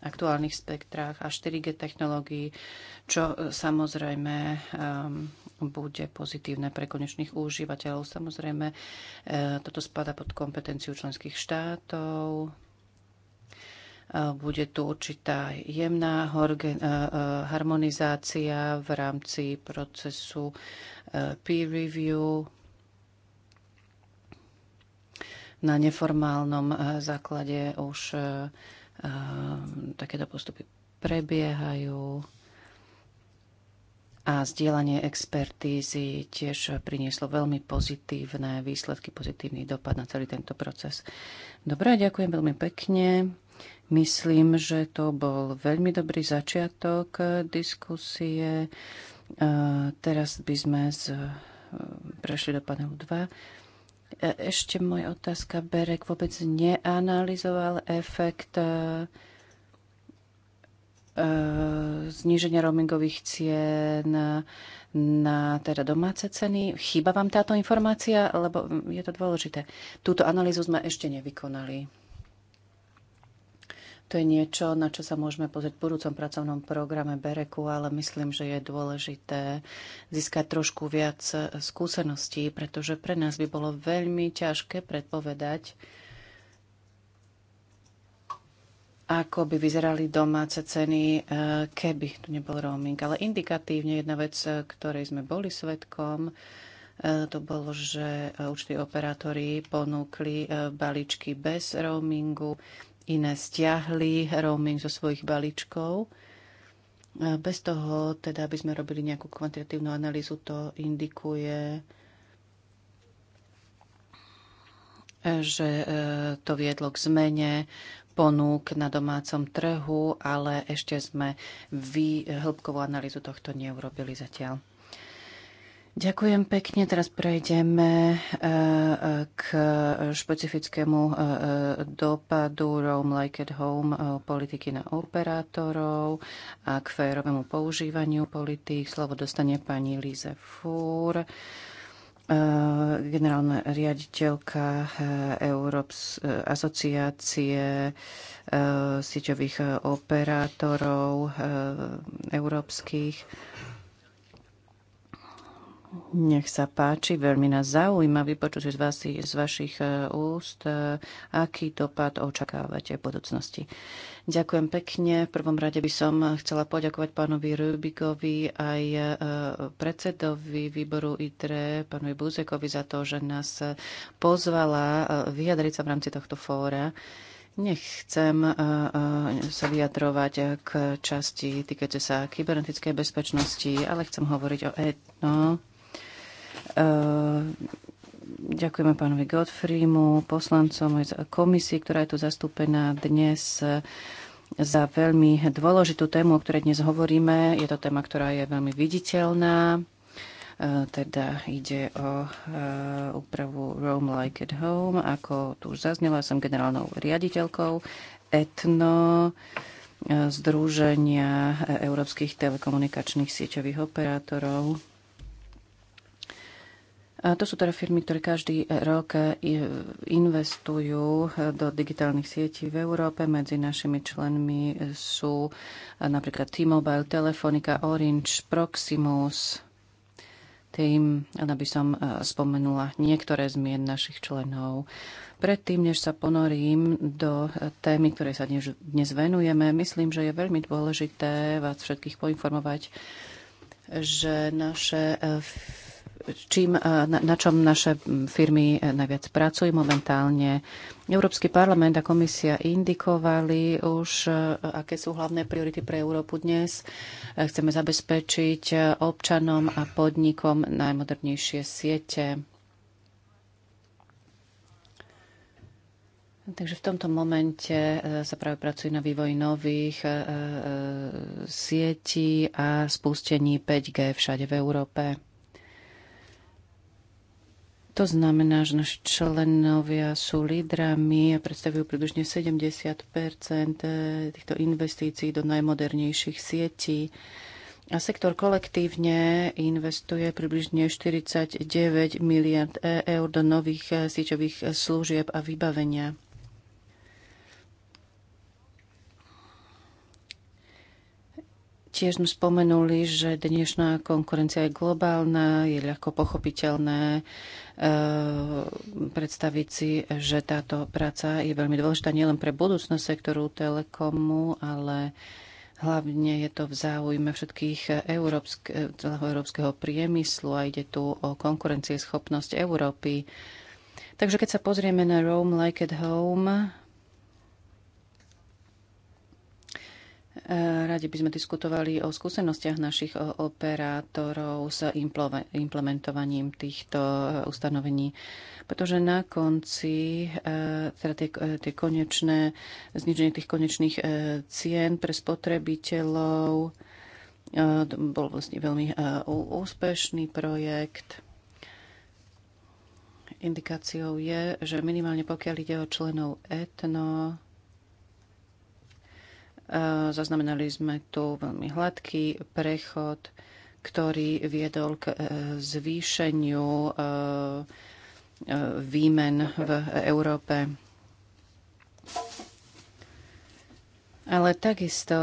aktuálnych spektrách a 4G technológií, čo samozrejme bude pozitívne pre konečných užívateľov. Samozrejme, e, toto spada pod kompetenciu členských štátov. E, bude tu určitá jemná e, harmonizácia v rámci procesu peer review na neformálnom základe už takéto postupy prebiehajú a zdieľanie expertízy tiež prinieslo veľmi pozitívne výsledky, pozitívny dopad na celý tento proces. Dobre, ďakujem veľmi pekne. Myslím, že to bol veľmi dobrý začiatok diskusie. Teraz by sme z, e, prešli do panelu 2. E, ešte moja otázka. Berek vôbec neanalizoval efekt e, E, zníženia roamingových cien na teda domáce ceny. Chýba vám táto informácia, lebo je to dôležité. Túto analýzu sme ešte nevykonali. To je niečo, na čo sa môžeme pozrieť v budúcom pracovnom programe Bereku, ale myslím, že je dôležité získať trošku viac skúseností, pretože pre nás by bolo veľmi ťažké predpovedať, ako by vyzerali domáce ceny, e, keby tu nebol roaming. Ale indikatívne jedna vec, e, ktorej sme boli svetkom, e, to bolo, že určití operátori ponúkli balíčky bez roamingu, iné stiahli roaming zo svojich balíčkov. Bez toho, teda, aby sme robili nejakú kvantitatívnu analýzu, to indikuje, že to viedlo k zmene ponúk na domácom trhu, ale ešte sme vy hĺbkovú analýzu tohto neurobili zatiaľ. Ďakujem pekne. Teraz prejdeme e, e, k špecifickému e, dopadu Roam Like at Home politiky na operátorov a k férovému používaniu politik, Slovo dostane pani Líze Fúr Eh, generálna riaditeľka eh, Európs eh, asociácie sieťových operátorov európskych nech sa páči, veľmi nás zaujíma vypočuť z, vás, z vašich e, úst, e, aký dopad očakávate v budúcnosti. Ďakujem pekne. V prvom rade by som chcela poďakovať pánovi Rubikovi aj e, predsedovi výboru ITRE, pánovi Buzekovi za to, že nás pozvala vyjadriť sa v rámci tohto fóra. Nechcem sa vyjadrovať k časti týkajúce sa kybernetickej bezpečnosti, ale chcem hovoriť o etno Ehm, ďakujeme pánovi Godfrimu, poslancom aj komisii, ktorá je tu zastúpená dnes eh, za veľmi dôležitú tému, o ktorej dnes hovoríme. Je to téma, ktorá je veľmi viditeľná. Ehm, teda ide o eh, úpravu Roam Like at Home. Ako tu už zaznela, som generálnou riaditeľkou etno eh, Združenia európskych telekomunikačných sieťových operátorov. To sú teda firmy, ktoré každý rok eh, investujú eh, do digitálnych sietí v Európe. Medzi našimi členmi eh, sú napríklad T-Mobile, Telefonica, Orange, Proximus. Tým, aby som spomenula niektoré zmien našich členov. Predtým, než sa ponorím do témy, ktorej sa dnes, dnes venujeme, myslím, že je veľmi dôležité vás všetkých poinformovať, že naše čím, e, na, na čom naše firmy e, najviac pracujú momentálne. Európsky parlament a komisia indikovali už, e, aké sú hlavné priority pre Európu dnes. Chceme zabezpečiť občanom a podnikom najmodernejšie siete. Takže v tomto momente sa práve pracuje na vývoji nových sietí a spustení 5G všade v Európe. To znamená, že naši členovia sú lídrami a predstavujú približne 70 eh, týchto investícií do najmodernejších sietí. A sektor kolektívne investuje približne 49 miliard eh, eur do nových eh, síťových služieb a vybavenia. Tiež sme spomenuli, že dnešná konkurencia je globálna, je ľahko pochopiteľné e, predstaviť si, že táto práca je veľmi dôležitá nielen pre budúcnosť sektoru telekomu, ale hlavne je to v záujme všetkých európske, celého európskeho priemyslu a ide tu o konkurencieschopnosť Európy. Takže keď sa pozrieme na Rome Like at Home, Eh, radi by sme diskutovali o skúsenostiach našich eh, operátorov s implementovaním týchto eh, ustanovení, pretože na konci teda tie, tie konečné, zniženie tých konečných cien pre spotrebiteľov bol vlastne veľmi úspešný projekt. Indikáciou je, že minimálne pokiaľ ide o členov etno, Eh, zaznamenali sme tu veľmi hladký prechod, ktorý viedol k eh, zvýšeniu eh, výmen v Európe. Ale takisto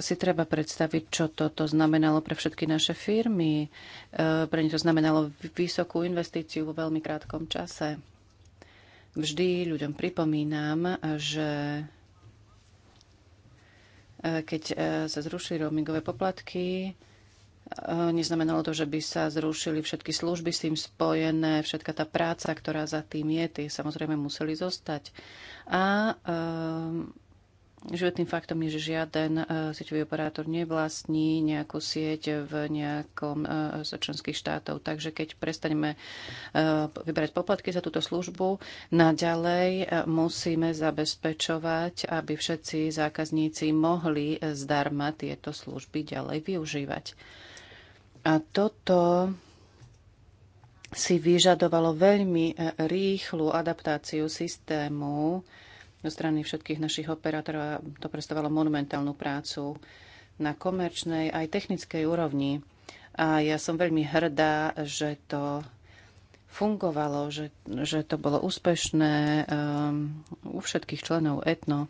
si treba predstaviť, čo toto znamenalo pre všetky naše firmy. Pre nich to znamenalo vysokú investíciu vo veľmi krátkom čase. Vždy ľuďom pripomínam, že keď e, sa zrušili roamingové poplatky, e, neznamenalo to, že by sa zrušili všetky služby s tým spojené, všetka tá práca, ktorá za tým je, tie samozrejme museli zostať. A um, Životným faktom je, že žiaden e, sieťový operátor nevlastní nejakú sieť v nejakom e, z členských štátov. Takže keď prestaneme e, vybrať poplatky za túto službu, naďalej musíme zabezpečovať, aby všetci zákazníci mohli zdarma tieto služby ďalej využívať. A toto si vyžadovalo veľmi rýchlu adaptáciu systému, zo strany všetkých našich operátorov a to predstavovalo monumentálnu prácu na komerčnej aj technickej úrovni. A ja som veľmi hrdá, že to fungovalo, že, že to bolo úspešné um, u všetkých členov etno.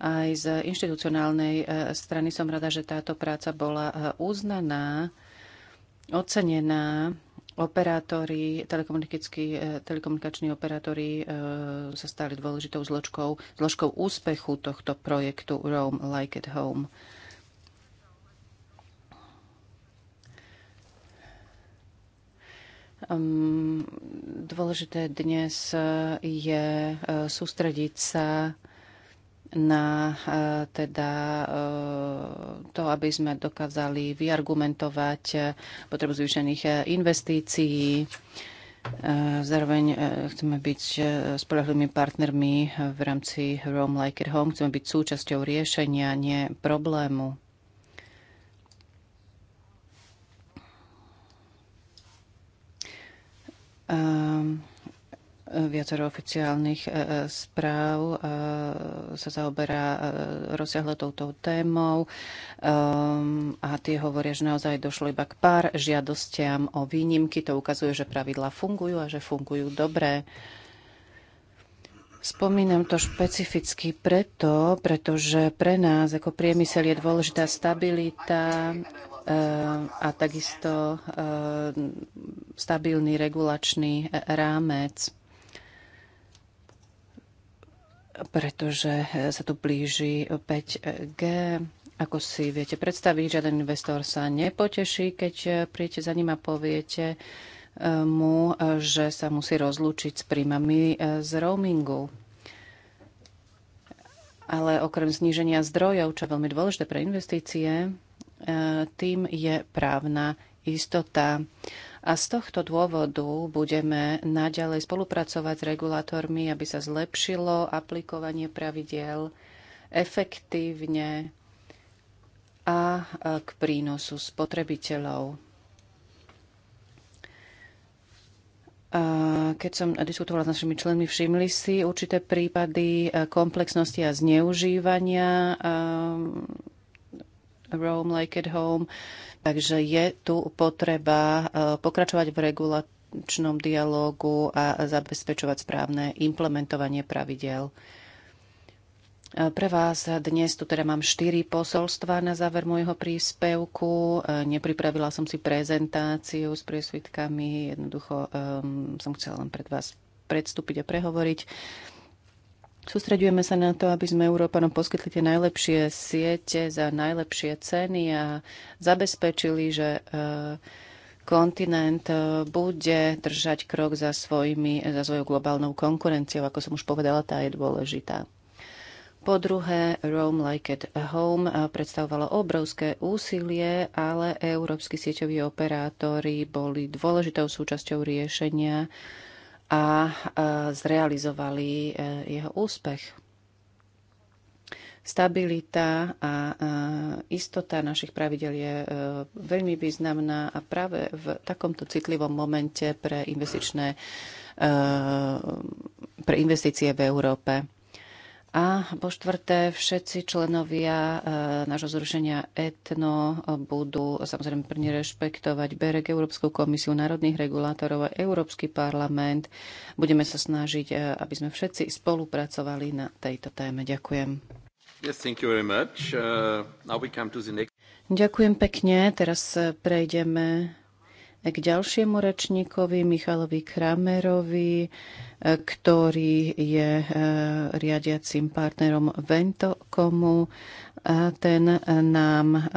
Aj z inštitucionálnej e, strany som rada, že táto práca bola e, uznaná, ocenená operátori, e, telekomunikační operátori e, sa stali dôležitou zložkou, zložkou úspechu tohto projektu Rome Like at Home. dôležité dnes e, je sústrediť sa na e, teda e, to, aby sme dokázali vyargumentovať e, potrebu zvýšených investícií. Zároveň chceme byť spolahlivými partnermi v rámci Rome Like at Home. Chceme byť súčasťou riešenia, nie problému. Um, Viacero oficiálnych e, e, správ e, sa zaoberá rozsiahle touto témou a tie hovoria, že naozaj došlo iba k pár žiadostiam o výnimky. To ukazuje, že pravidlá fungujú a že fungujú dobre. Spomínam to špecificky preto, pretože pre nás ako priemysel je dôležitá stabilita a takisto stabilný regulačný rámec pretože e, sa tu blíži 5G. Ako si viete predstaviť, žiaden investor sa nepoteší, keď e, príjete za ním a poviete e, mu, že sa musí rozlúčiť s príjmami z roamingu. Ale okrem zníženia zdrojov, čo je veľmi dôležité pre investície, tým je právna istota. A z tohto dôvodu budeme naďalej spolupracovať s regulátormi, aby sa zlepšilo aplikovanie pravidiel efektívne a k prínosu spotrebiteľov. Keď som diskutovala s našimi členmi, všimli si určité prípady e, komplexnosti a zneužívania e, Rome Like at Home. Takže je tu potreba eh, pokračovať v regulačnom dialógu a zabezpečovať správne implementovanie pravidel. Eh, pre vás dnes tu teda mám štyri posolstva na záver môjho príspevku. Eh, nepripravila som si prezentáciu s priesvitkami, jednoducho um, som chcela len pred vás predstúpiť a prehovoriť. Sústredujeme sa na to, aby sme Európanom poskytli tie najlepšie siete za najlepšie ceny a zabezpečili, že eh, kontinent eh, bude držať krok za, svojimi, za svojou globálnou konkurenciou. Ako som už povedala, tá je dôležitá. Po druhé, Rome Like at Home eh, predstavovalo obrovské úsilie, ale európsky sieťoví operátori boli dôležitou súčasťou riešenia a zrealizovali e, jeho úspech. Stabilita a istota našich pravidel je e, veľmi významná a práve v takomto citlivom momente pre investičné e, pre investície v Európe. A po štvrté, všetci členovia e, nášho zrušenia ETNO budú samozrejme prvne rešpektovať BEREK, Európsku komisiu národných regulátorov a Európsky parlament. Budeme sa snažiť, e, aby sme všetci spolupracovali na tejto téme. Ďakujem. Yes, thank you very much. Uh, now we come to the next... Ďakujem pekne. Teraz prejdeme k ďalšiemu rečníkovi, Michalovi Kramerovi, e, ktorý je e, riadiacim partnerom Ventokomu. ten e, nám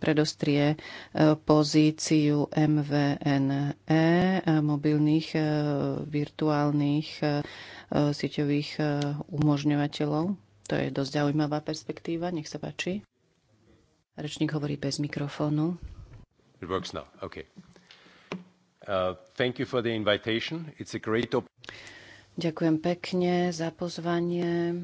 predostrie pozíciu MVNE, mobilných virtuálnych sieťových umožňovateľov. To je dosť zaujímavá perspektíva, nech sa páči. Rečník hovorí bez mikrofónu. It works now. Okay. Uh, thank you for the invitation. It's a great op- Ďakujem pekne za pozvanie.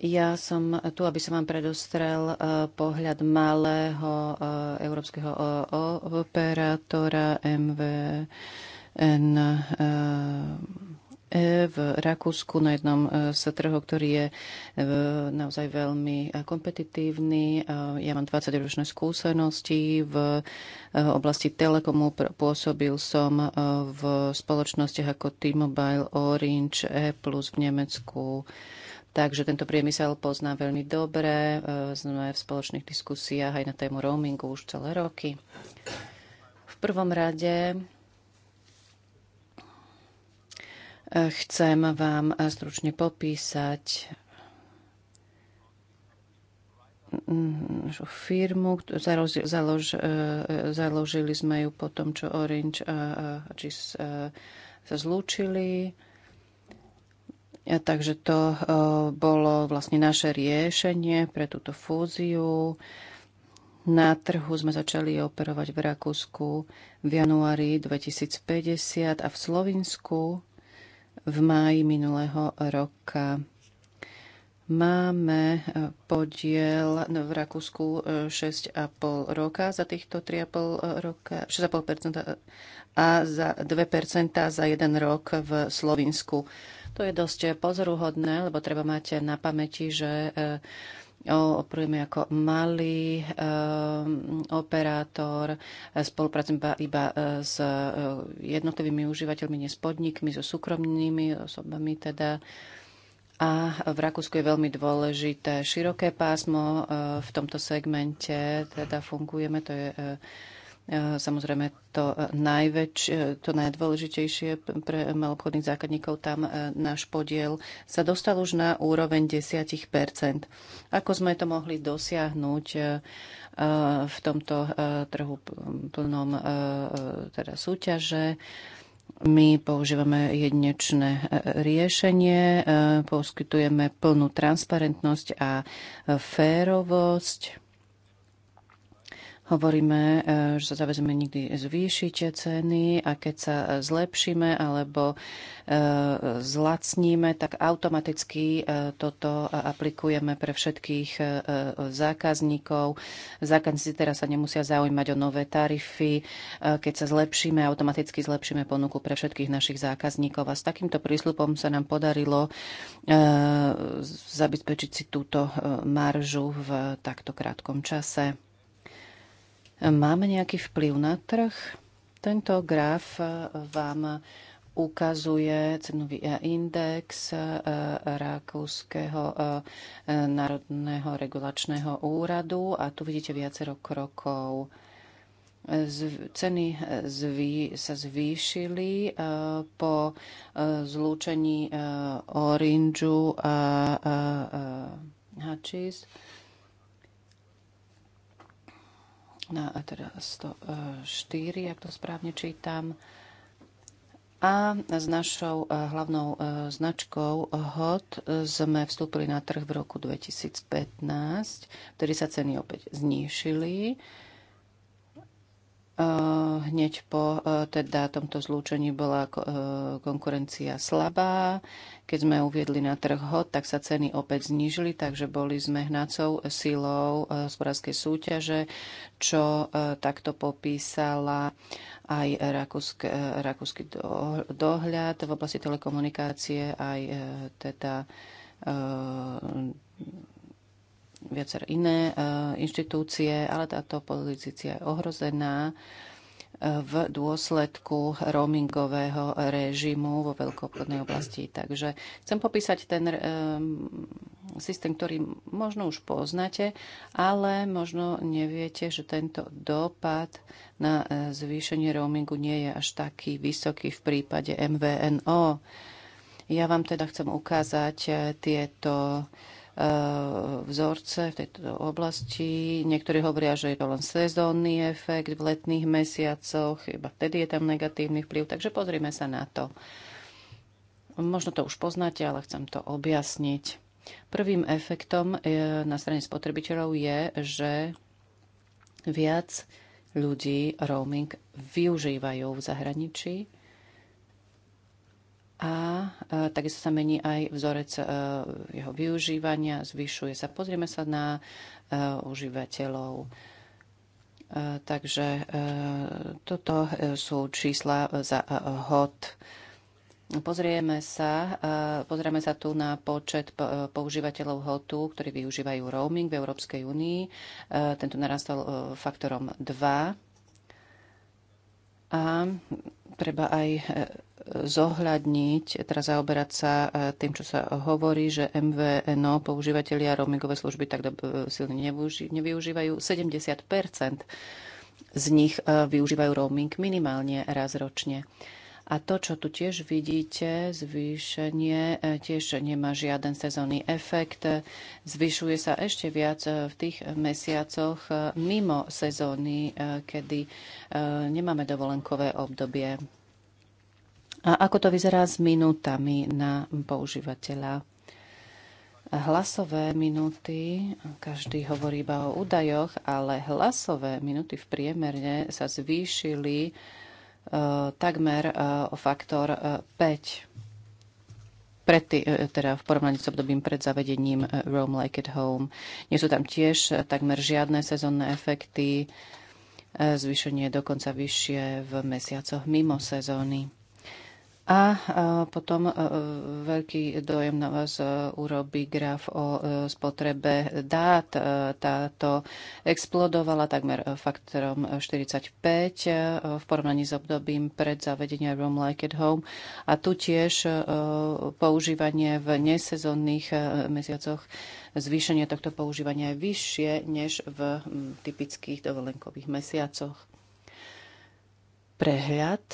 Ja som tu, aby som vám predostrel uh, pohľad malého uh, európskeho operátora MVN E, v Rakúsku na jednom e, z trhov, ktorý je e, naozaj veľmi kompetitívny. Ja mám 20-ročné skúsenosti v oblasti telekomu. Pôsobil som v spoločnostiach ako T-Mobile, Orange, E+, v Nemecku. Takže tento priemysel pozná veľmi dobre. Sme v spoločných diskusiách aj na tému roamingu už celé roky. V prvom rade Chcem vám eh, stručne popísať našu mm, firmu, založ, eh, eh, založili sme ju po tom, čo Orange a GIS sa zlúčili. A takže to bolo vlastne naše riešenie pre túto fúziu. Na trhu sme začali operovať v Rakúsku v januári 2050 a v Slovensku v máji minulého roka. Máme e, podiel v Rakúsku 6,5 e, roka za týchto 3,5 e, roka, 6,5 a za 2 za jeden rok v Slovinsku. To je dosť pozoruhodné, lebo treba mať na pamäti, že operujeme ako malý e, operátor, eh, spolupracujeme iba, iba eh, s jednotlivými užívateľmi, nie s podnikmi, so súkromnými osobami teda. A v Rakúsku je veľmi dôležité široké pásmo v tomto segmente, teda fungujeme, to je E, samozrejme, to, e, najväč, e, to najdôležitejšie pre malobchodných základníkov, tam náš podiel sa dostal už na úroveň 10 Ako sme to mohli dosiahnuť v tomto trhu plnom teda súťaže? My používame jedinečné riešenie, poskytujeme plnú transparentnosť a férovosť hovoríme, e, že sa zavezme nikdy zvýšiť ceny a keď sa zlepšíme alebo e, zlacníme, tak automaticky e, toto aplikujeme pre všetkých zákazníkov. Zákazníci teraz sa nemusia zaujímať o nové tarify. Keď sa zlepšíme, automaticky zlepšíme ponuku pre všetkých našich zákazníkov. A s takýmto prísľubom sa nám podarilo zabezpečiť si túto maržu v takto krátkom čase. Máme nejaký vplyv na trh? Tento graf e, vám ukazuje cenový e, index e, Rakúskeho národného regulačného úradu a tu vidíte viacero krokov. Ceny sa zvýšili po zlúčení Orange a Hatchis na no, teda 104, ak to správne čítam. A s našou e, hlavnou e, značkou HOT sme vstúpili na trh v roku 2015, vtedy sa ceny opäť znišili. Eh, hneď po eh, teda tomto zlúčení bola eh, konkurencia slabá. Keď sme uviedli na trh hod, tak sa ceny opäť znížili, takže boli sme hnacou silou hospodárskej súťaže, čo takto popísala aj rakúsk, rakúsky dohľad v oblasti telekomunikácie, aj teda viacer iné eh, inštitúcie, ale táto pozícia je ohrozená eh, v dôsledku roamingového režimu vo veľkoobchodnej oblasti. Takže chcem popísať ten eh, systém, ktorý možno už poznáte, ale možno neviete, že tento dopad na zvýšenie roamingu nie je až taký vysoký v prípade MVNO. Ja vám teda chcem ukázať tieto Eh, vzorce v tejto oblasti. Niektorí hovoria, že je to len sezónny efekt v letných mesiacoch, iba vtedy je tam negatívny vplyv, takže pozrime sa na to. Možno to už poznáte, ale chcem to objasniť. Prvým efektom eh, na strane spotrebiteľov je, že viac ľudí roaming využívajú v zahraničí a e, takisto sa mení aj vzorec e, jeho využívania, zvyšuje sa. Pozrieme sa na e, užívateľov. Takže toto sú čísla za hod. Pozrieme sa, pozrieme sa tu na počet používateľov hotu, ktorí využívajú roaming v Európskej únii. Tento narastol faktorom 2 a treba aj e, zohľadniť, teda zaoberať sa e, tým, čo sa hovorí, že MVNO používateľia roamingové služby tak e, silne nevyužívajú. 70 z nich využívajú roaming minimálne raz ročne. A to, čo tu tiež vidíte, zvýšenie e, tiež nemá žiaden sezónny efekt. Zvyšuje sa ešte viac e, v tých mesiacoch e, mimo sezóny, kedy nemáme dovolenkové obdobie. A ako to vyzerá s minútami na používateľa? Hlasové minúty, každý hovorí iba o údajoch, ale hlasové minúty v priemerne sa zvýšili E, takmer e, o faktor 5 e, pred tý, teda v porovnaní s obdobím pred zavedením Roam Like at Home. Nie sú tam tiež takmer žiadne sezónne efekty. Zvýšenie je dokonca vyššie v mesiacoch mimo sezóny. A potom e, e, veľký dojem na vás e, urobí graf o spotrebe dát. Táto explodovala takmer faktorom 45 v porovnaní s obdobím pred zavedenia Room Like at Home. A tu tiež používanie v nesezónnych mesiacoch zvýšenie tohto používania je vyššie než v typických dovolenkových mesiacoch. Prehľad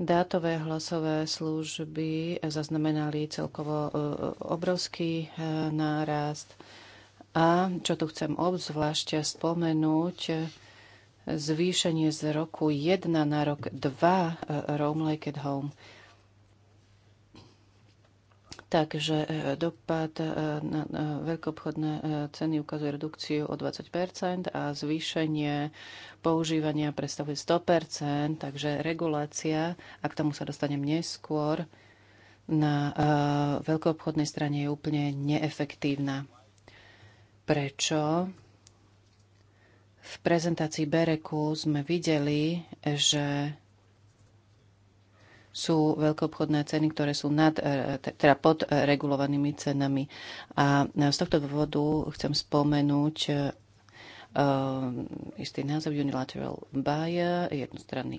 Dátové hlasové služby zaznamenali celkovo e, obrovský e, nárast. A čo tu chcem obzvlášť spomenúť, e, zvýšenie z roku 1 na rok 2 Roam Like at Home. Takže e, dopad e, na veľkoobchodné e, ceny ukazuje redukciu o 20 a zvýšenie používania predstavuje 100 takže regulácia, a k tomu sa dostanem neskôr, na veľkoobchodnej strane je úplne neefektívna. Prečo? V prezentácii Bereku sme videli, že sú veľkoobchodné ceny, ktoré sú nad, e, teda pod e, regulovanými cenami. A e, z tohto dôvodu chcem spomenúť istý názov Unilateral Buyer, jednostranný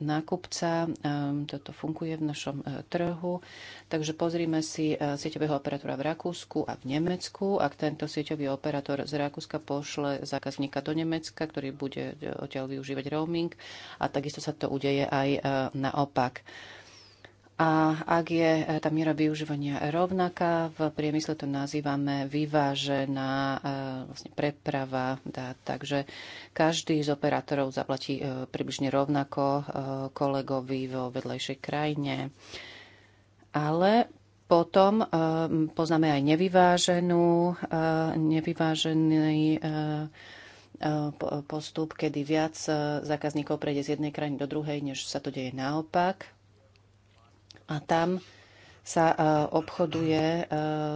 nákupca. Ehm, toto funguje v našom e, trhu. Takže pozrime si e, sieťového operátora v Rakúsku a v Nemecku. Ak tento sieťový operátor z Rakúska pošle zákazníka do Nemecka, ktorý bude e, odtiaľ využívať roaming, a takisto sa to udeje aj naopak. A ak je e, tá miera využívania rovnaká, v priemysle to nazývame vyvážená e, vlastne preprava dát. Takže každý z operátorov zaplatí e, približne rovnako kolegovi vo vedlejšej krajine. Ale potom poznáme aj nevyváženú, nevyvážený postup, kedy viac zákazníkov prejde z jednej krajiny do druhej, než sa to deje naopak. A tam sa e, obchoduje e,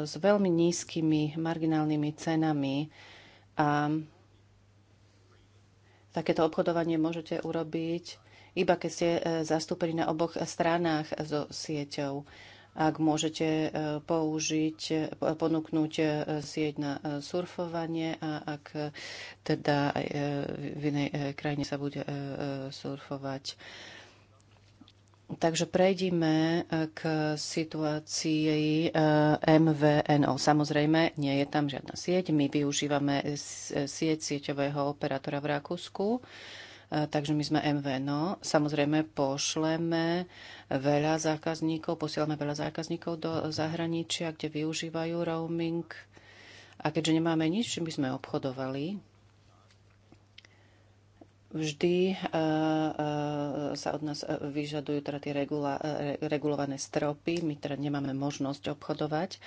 s veľmi nízkymi marginálnymi cenami a takéto obchodovanie môžete urobiť iba keď ste e, zastúpení na oboch stranách so sieťou. Ak môžete použiť, ponúknuť sieť na surfovanie a ak teda aj v inej krajine sa bude surfovať. Takže prejdime e, k situácii e, MVNO. Samozrejme, nie je tam žiadna sieť. My využívame e, sieť sieťového operátora v Rakúsku. Takže my sme MVNO. Samozrejme, pošleme veľa zákazníkov, posielame veľa zákazníkov do zahraničia, kde využívajú roaming. A keďže nemáme nič, čím by sme obchodovali, vždy eh, eh, sa od nás eh, vyžadujú teda tie regula, regulované stropy. My teda nemáme možnosť obchodovať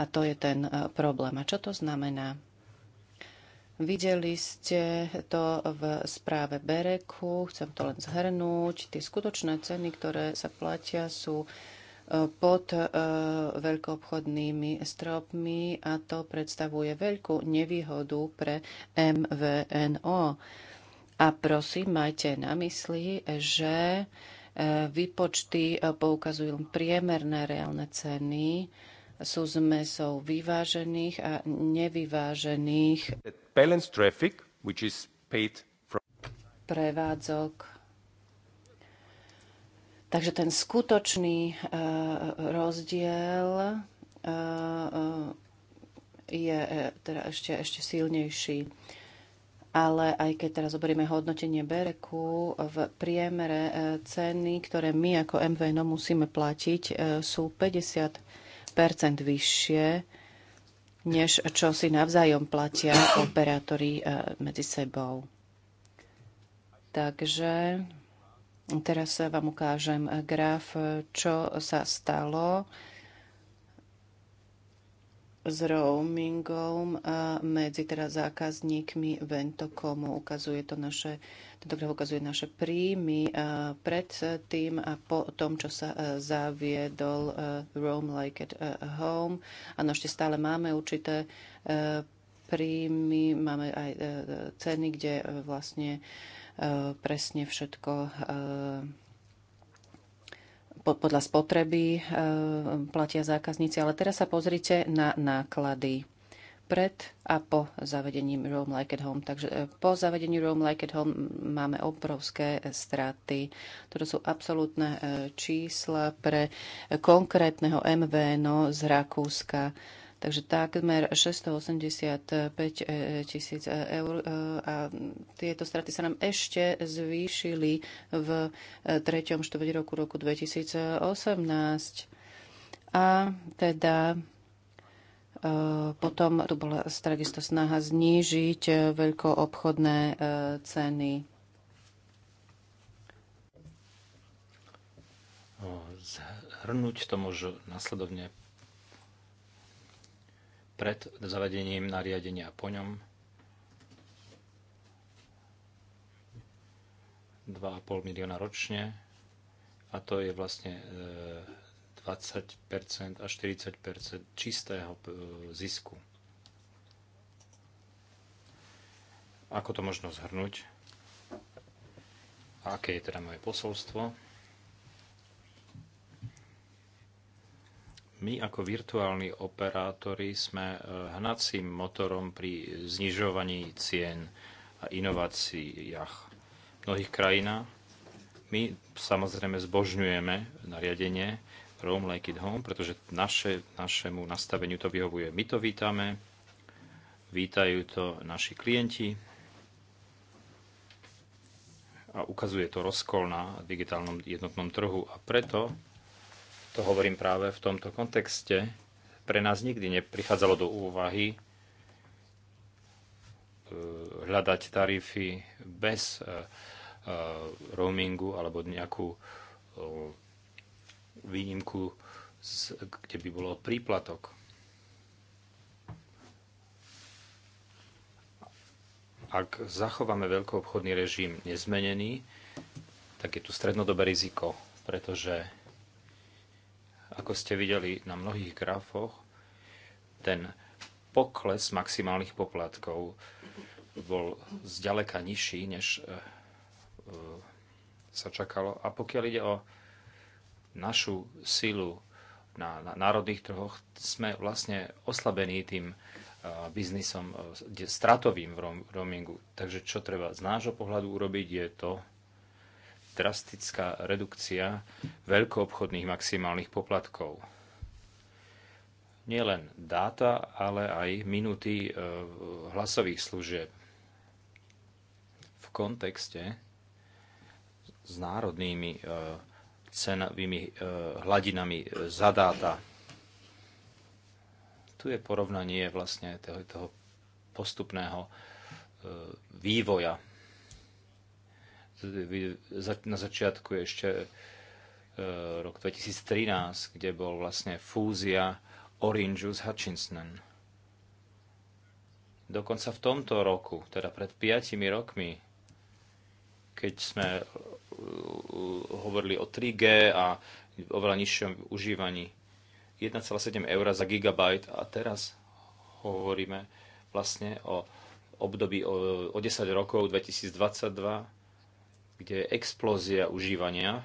a to je ten problém. A čo to znamená? Videli ste to v správe Bereku, chcem to len zhrnúť. Tie skutočné ceny, ktoré sa platia, sú pod veľkoobchodnými stropmi a to predstavuje veľkú nevýhodu pre MVNO a prosím, majte na mysli, že e, výpočty e, poukazujú priemerné reálne ceny, sú zmesou vyvážených a nevyvážených traffic, from... prevádzok. Takže ten skutočný uh, rozdiel uh, je teda ešte, ešte silnejší ale aj keď teraz zoberieme hodnotenie Bereku, v priemere e, ceny, ktoré my ako MVNO musíme platiť, e, sú 50 vyššie, než čo si navzájom platia operátori e, medzi sebou. Takže teraz vám ukážem graf, čo sa stalo s roamingom medzi teda zákazníkmi Ventokomu. Ukazuje to naše, tento graf ukazuje naše príjmy pred tým a po tom, čo sa e, zaviedol e, Roam Like at e, Home. Áno, ešte stále máme určité príjmy, máme aj ceny, kde vlastne presne všetko podľa spotreby e, platia zákazníci, ale teraz sa pozrite na náklady pred a po zavedení Roam Like at Home. Takže e, po zavedení Roam Like at Home máme obrovské straty. Toto sú absolútne e, čísla pre konkrétneho MVNO z Rakúska Takže takmer 685 e, e, tisíc e, eur a tieto straty sa nám ešte zvýšili v treťom štvrť roku roku 2018. A teda potom tu bola takisto snaha znížiť veľkoobchodné ceny. Zhrnúť to môžu nasledovne pred zavedením nariadenia po ňom 2,5 milióna ročne a to je vlastne 20 až 40 čistého e, zisku. Ako to možno zhrnúť? A aké je teda moje posolstvo? my ako virtuálni operátori sme e, hnacím motorom pri znižovaní cien a inováciách v mnohých krajinách. My samozrejme zbožňujeme nariadenie Roam Like It Home, pretože naše, našemu nastaveniu to vyhovuje. My to vítame, vítajú to naši klienti a ukazuje to rozkol na digitálnom jednotnom trhu. A preto to hovorím práve v tomto kontexte. Pre nás nikdy neprichádzalo do úvahy e, hľadať tarify bez e, e, roamingu alebo nejakú výnimku, kde by bolo príplatok. Ak zachováme veľkoobchodný režim nezmenený, tak je tu strednodobé riziko, pretože ako ste videli na mnohých grafoch, ten pokles maximálnych poplatkov bol zďaleka nižší, než eh, eh, sa čakalo. A pokiaľ ide o našu silu na, národných trhoch, sme vlastne oslabení tým eh, biznisom stratovým v roamingu. Takže čo treba z nášho pohľadu urobiť je to, drastická redukcia veľkoobchodných maximálnych poplatkov. Nielen dáta, ale aj minuty e, hlasových služieb. V kontexte s národnými e, cenovými e, hladinami za dáta. Tu je porovnanie vlastne toho, toho postupného vývoja na začiatku ešte e, rok 2013, kde bol vlastne fúzia Orange s Hutchinson. Dokonca v tomto roku, teda pred 5 rokmi, keď sme e, e, hovorili o 3G a oveľa nižšom užívaní 1,7 eur za gigabyte a teraz hovoríme vlastne o období o, o 10 rokov 2022 kde je explózia užívania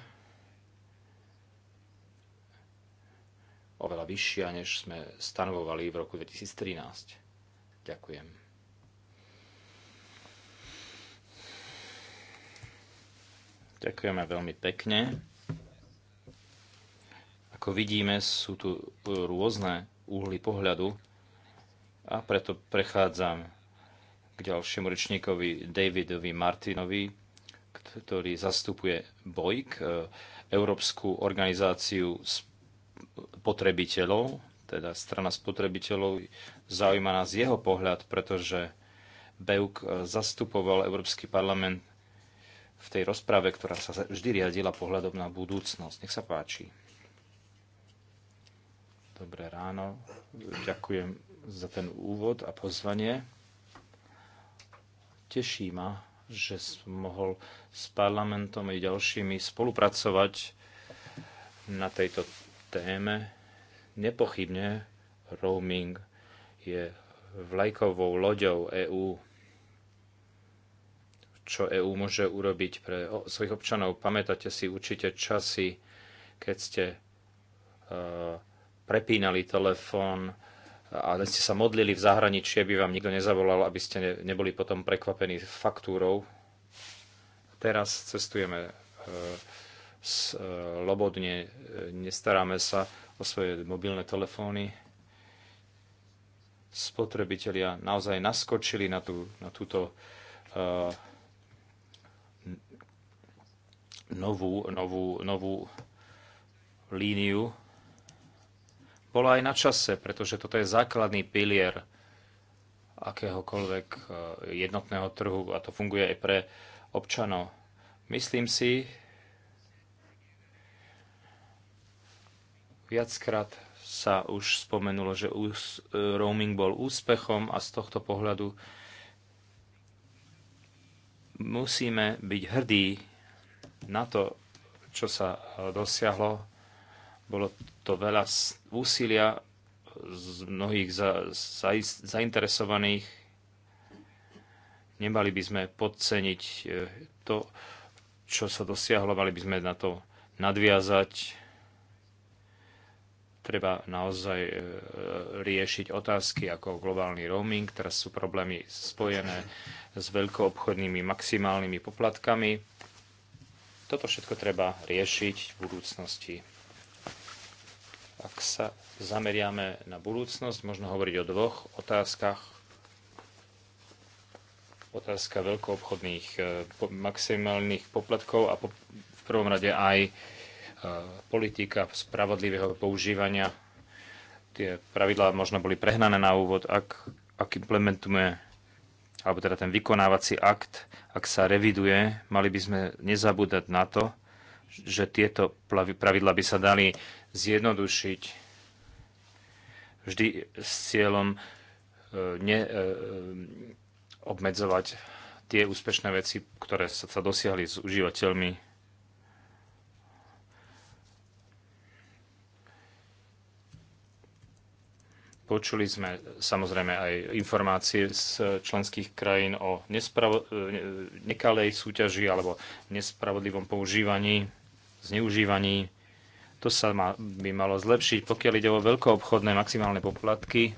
oveľa vyššia, než sme stanovovali v roku 2013. Ďakujem. Ďakujeme veľmi pekne. Ako vidíme, sú tu e, rôzne úhly pohľadu a preto prechádzam k ďalšiemu rečníkovi Davidovi Martinovi, ktorý zastupuje BOIK, e, Európsku organizáciu spotrebiteľov, teda strana spotrebiteľov, zaujíma nás jeho pohľad, pretože BEUK e, zastupoval Európsky parlament v tej rozprave, ktorá sa vždy riadila pohľadom na budúcnosť. Nech sa páči. Dobré ráno. Ďakujem za ten úvod a pozvanie. Teší ma, že mohol s parlamentom i ďalšími spolupracovať na tejto téme. Nepochybne roaming je vlajkovou loďou EÚ. Čo EÚ môže urobiť pre svojich občanov? Pamätáte si určite časy, keď ste uh, prepínali telefón, a ste sa modlili v zahraničí, aby vám nikto nezavolal, aby ste neboli potom prekvapení faktúrou. Teraz cestujeme slobodne, e, lobodne, e, nestaráme sa o svoje mobilné telefóny. Spotrebitelia naozaj naskočili na, tú, na túto uh, novú, novú, novú líniu bola aj na čase, pretože toto je základný pilier akéhokoľvek e, jednotného trhu a to funguje aj pre občanov. Myslím si, viackrát sa už spomenulo, že e, roaming bol úspechom a z tohto pohľadu musíme byť hrdí na to, čo sa dosiahlo bolo to veľa úsilia z mnohých za, za, zainteresovaných. Nemali by sme podceniť e, to, čo sa dosiahlo, mali by sme na to nadviazať. Treba naozaj e, riešiť otázky ako globálny roaming, teraz sú problémy spojené s veľkoobchodnými maximálnymi poplatkami. Toto všetko treba riešiť v budúcnosti. Ak sa zameriame na budúcnosť, možno hovoriť o dvoch otázkach. Otázka veľkoobchodných eh, maximálnych poplatkov a v prvom rade aj eh, politika spravodlivého používania. Tie pravidlá možno boli prehnané na úvod, ak, ak implementujeme alebo teda ten vykonávací akt, ak sa reviduje, mali by sme nezabúdať na to, že tieto pravidla by sa dali zjednodušiť vždy s cieľom e, neobmedzovať e, tie úspešné veci, ktoré sa dosiahli s užívateľmi Počuli sme samozrejme aj informácie z členských krajín o nespravo- e, nekalej súťaži alebo nespravodlivom používaní zneužívaní. To sa ma, by malo zlepšiť. Pokiaľ ide o veľkoobchodné maximálne poplatky,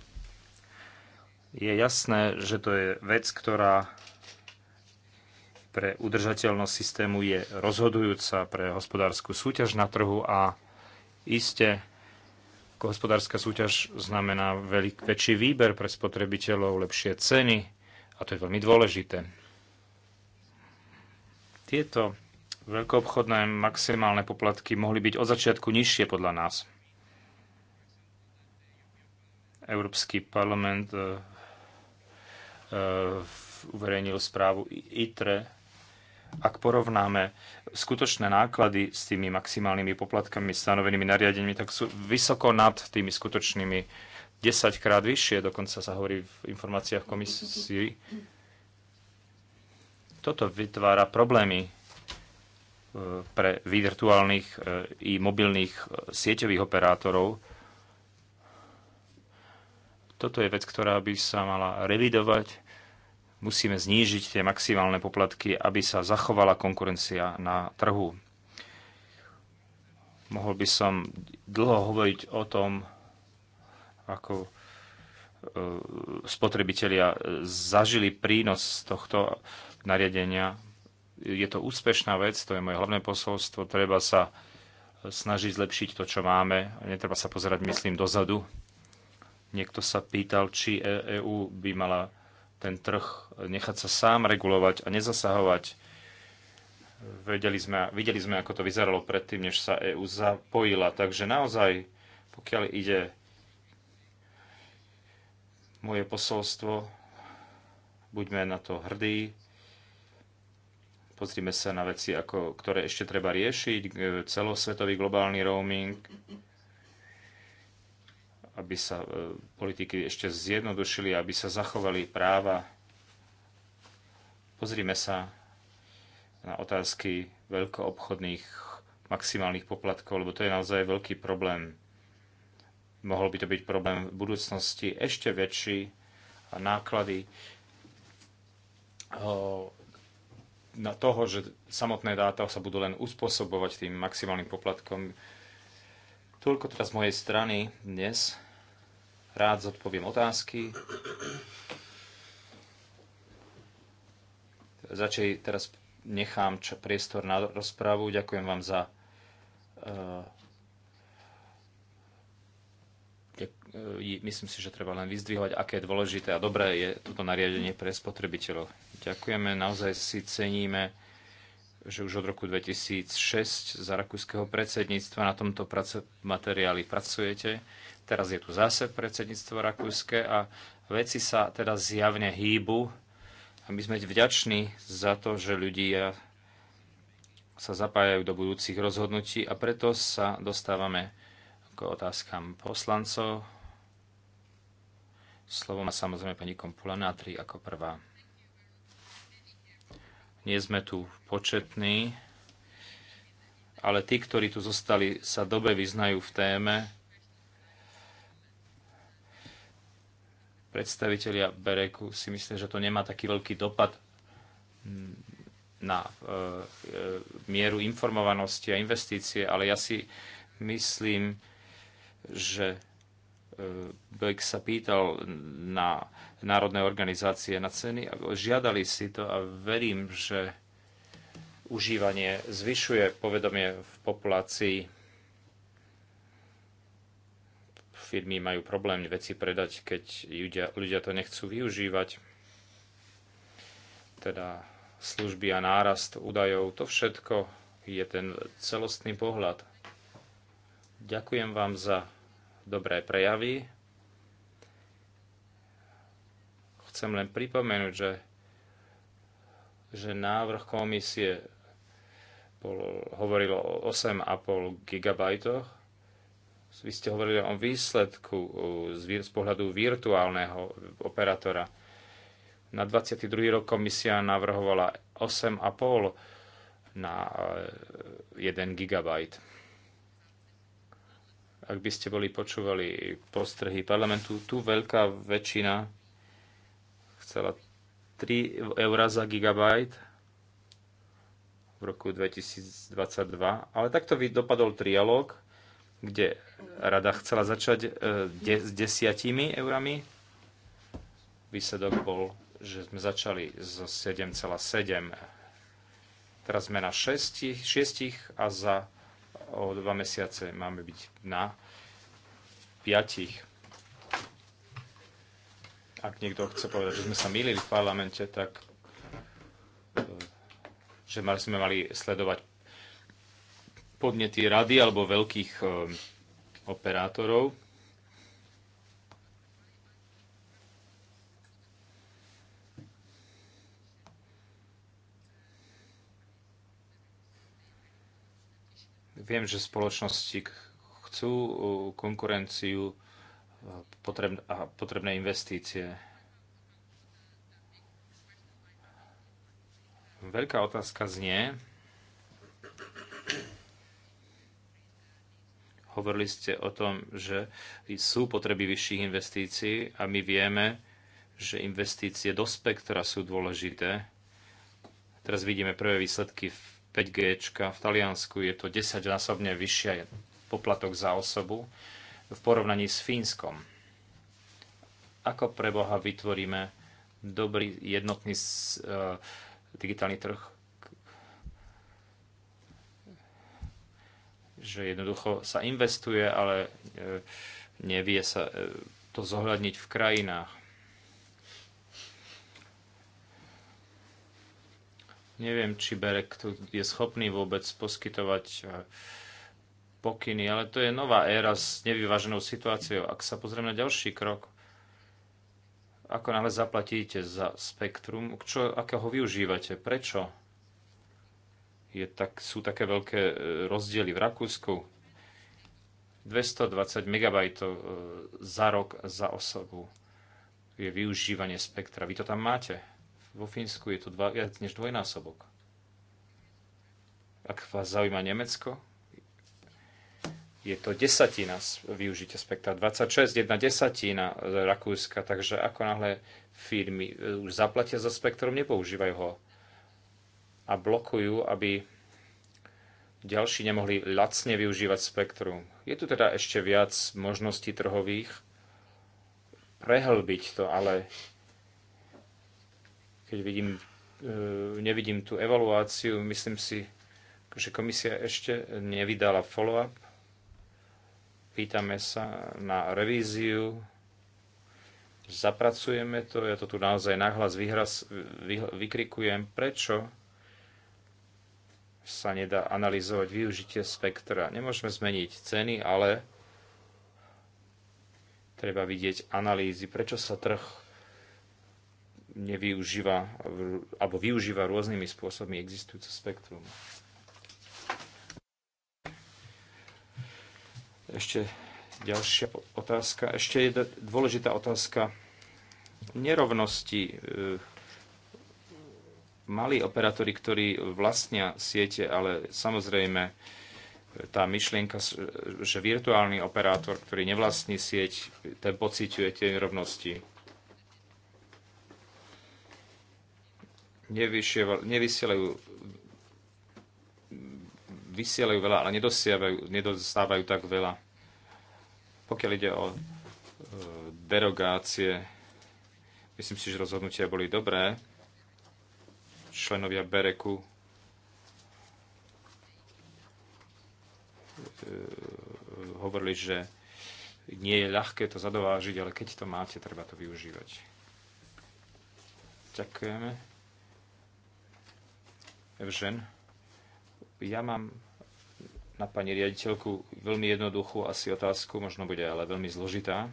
je jasné, že to je vec, ktorá pre udržateľnosť systému je rozhodujúca pre hospodárskú súťaž na trhu a iste hospodárska súťaž znamená veľk, väčší výber pre spotrebiteľov, lepšie ceny a to je veľmi dôležité. Tieto Veľkoobchodné maximálne poplatky mohli byť od začiatku nižšie podľa nás. Európsky parlament e, e, uverejnil správu ITRE. Ak porovnáme skutočné náklady s tými maximálnymi poplatkami stanovenými nariadeniami, tak sú vysoko nad tými skutočnými 10 krát vyššie, dokonca sa hovorí v informáciách komisii. Toto vytvára problémy E, pre virtuálnych e, i mobilných e, sieťových operátorov. Toto je vec, ktorá by sa mala revidovať. Musíme znížiť tie maximálne poplatky, aby sa zachovala konkurencia na trhu. Mohol by som dlho hovoriť o tom, ako spotrebitelia zažili prínos tohto nariadenia je to úspešná vec, to je moje hlavné posolstvo, treba sa snažiť zlepšiť to, čo máme. Netreba sa pozerať, myslím, dozadu. Niekto sa pýtal, či EÚ e by mala ten trh nechať sa sám regulovať a nezasahovať. Vedeli sme, videli sme, ako to vyzeralo predtým, než sa EÚ zapojila. Takže naozaj, pokiaľ ide moje posolstvo, buďme na to hrdí, Pozrime sa na veci, ako, ktoré ešte treba riešiť, e, celosvetový globálny roaming, aby sa e, politiky ešte zjednodušili, aby sa zachovali práva. Pozrime sa na otázky veľkoobchodných maximálnych poplatkov, lebo to je naozaj veľký problém. Mohol by to byť problém v budúcnosti ešte väčší a náklady na toho, že samotné dáta sa budú len uspôsobovať tým maximálnym poplatkom. Toľko teda z mojej strany dnes. Rád zodpoviem otázky. Začej teraz nechám priestor na rozprávu. Ďakujem vám za uh, E, myslím si, že treba len vyzdvihovať, aké je dôležité a dobré je toto nariadenie pre spotrebiteľov. Ďakujeme, naozaj si ceníme, že už od roku 2006 za rakúskeho predsedníctva na tomto prace- materiáli pracujete. Teraz je tu zase predsedníctvo rakúske a veci sa teda zjavne hýbu a my sme vďační za to, že ľudia sa zapájajú do budúcich rozhodnutí a preto sa dostávame k otázkam poslancov. Slovo má samozrejme pani Kompula ako prvá. Nie sme tu početní, ale tí, ktorí tu zostali, sa dobe vyznajú v téme. Predstavitelia Bereku si myslia, že to nemá taký veľký dopad na e, e, mieru informovanosti a investície, ale ja si myslím, že Bojk sa pýtal na národné organizácie na ceny a žiadali si to a verím, že užívanie zvyšuje povedomie v populácii. Firmy majú problém veci predať, keď ľudia, ľudia to nechcú využívať. Teda služby a nárast údajov, to všetko je ten celostný pohľad. Ďakujem vám za dobré prejavy. Chcem len pripomenúť, že, že návrh komisie bol, hovoril o 8,5 GB. Vy ste hovorili o výsledku z, z pohľadu virtuálneho operátora. Na 22. rok komisia navrhovala 8,5 na 1 e, gigabajt ak by ste boli počúvali postrehy parlamentu, tu veľká väčšina chcela 3 eurá za gigabajt v roku 2022, ale takto dopadol trialog, kde rada chcela začať e, de s desiatimi eurami. Výsledok bol, že sme začali z 7,7. Teraz sme na 6, 6 a za o dva mesiace máme byť na piatich. Ak niekto chce povedať, že sme sa milili v parlamente, tak eh, že sme mali sledovať podnety rady alebo veľkých eh, operátorov, Viem, že spoločnosti chcú uh, konkurenciu uh, a potrebné investície. Veľká otázka znie, hovorili ste o tom, že sú potreby vyšších investícií a my vieme, že investície do spektra sú dôležité. Teraz vidíme prvé výsledky v 5G. V Taliansku je to 10-násobne vyššia poplatok za osobu v porovnaní s Fínskom. Ako pre Boha vytvoríme dobrý jednotný e, digitálny trh, že jednoducho sa investuje, ale e, nevie sa e, to zohľadniť v krajinách. Neviem, či Berek tu je schopný vôbec poskytovať eh, pokyny, ale to je nová éra s nevyváženou situáciou. Ak sa pozrieme na ďalší krok, ako náhle zaplatíte za spektrum, čo, akého využívate, prečo je tak, sú také veľké eh, rozdiely v Rakúsku. 220 MB eh, za rok za osobu je využívanie spektra. Vy to tam máte? Vo Fínsku je to dva, viac než dvojnásobok. Ak vás zaujíma Nemecko, je to desatina využitia spektra, 26, jedna desatina Rakúska, takže ako náhle firmy e, už zaplatia za spektrum, nepoužívajú ho a blokujú, aby ďalší nemohli lacne využívať spektrum. Je tu teda ešte viac možností trhových prehlbiť to, ale keď vidím, e, nevidím tú evaluáciu, myslím si, že komisia ešte nevydala follow-up. Pýtame sa na revíziu, zapracujeme to, ja to tu naozaj nahlas vyhras, vy, vykrikujem, prečo sa nedá analyzovať využitie spektra. Nemôžeme zmeniť ceny, ale treba vidieť analýzy, prečo sa trh nevyužíva alebo využíva rôznymi spôsobmi existujúce spektrum. Ešte ďalšia otázka. Ešte je dôležitá otázka nerovnosti. E, Malí operátori, ktorí vlastnia siete, ale samozrejme e, tá myšlienka, e, že virtuálny operátor, ktorý nevlastní sieť, ten pociťuje tie nerovnosti nevysielajú vysielajú veľa, ale nedosiavajú, nedostávajú tak veľa. Pokiaľ ide o e, derogácie, myslím si, že rozhodnutia boli dobré. Členovia Bereku e, hovorili, že nie je ľahké to zadovážiť, ale keď to máte, treba to využívať. Ďakujeme žen. Ja mám na pani riaditeľku veľmi jednoduchú asi otázku, možno bude ale veľmi zložitá.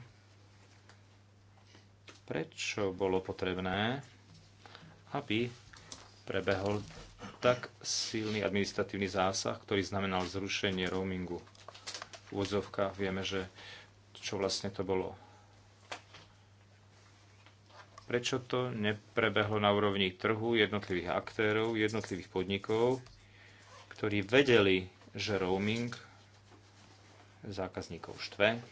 Prečo bolo potrebné, aby prebehol tak silný administratívny zásah, ktorý znamenal zrušenie roamingu? Vôzovka, vieme, že čo vlastne to bolo Prečo to neprebehlo na úrovni trhu, jednotlivých aktérov, jednotlivých podnikov, ktorí vedeli, že roaming zákazníkov štve.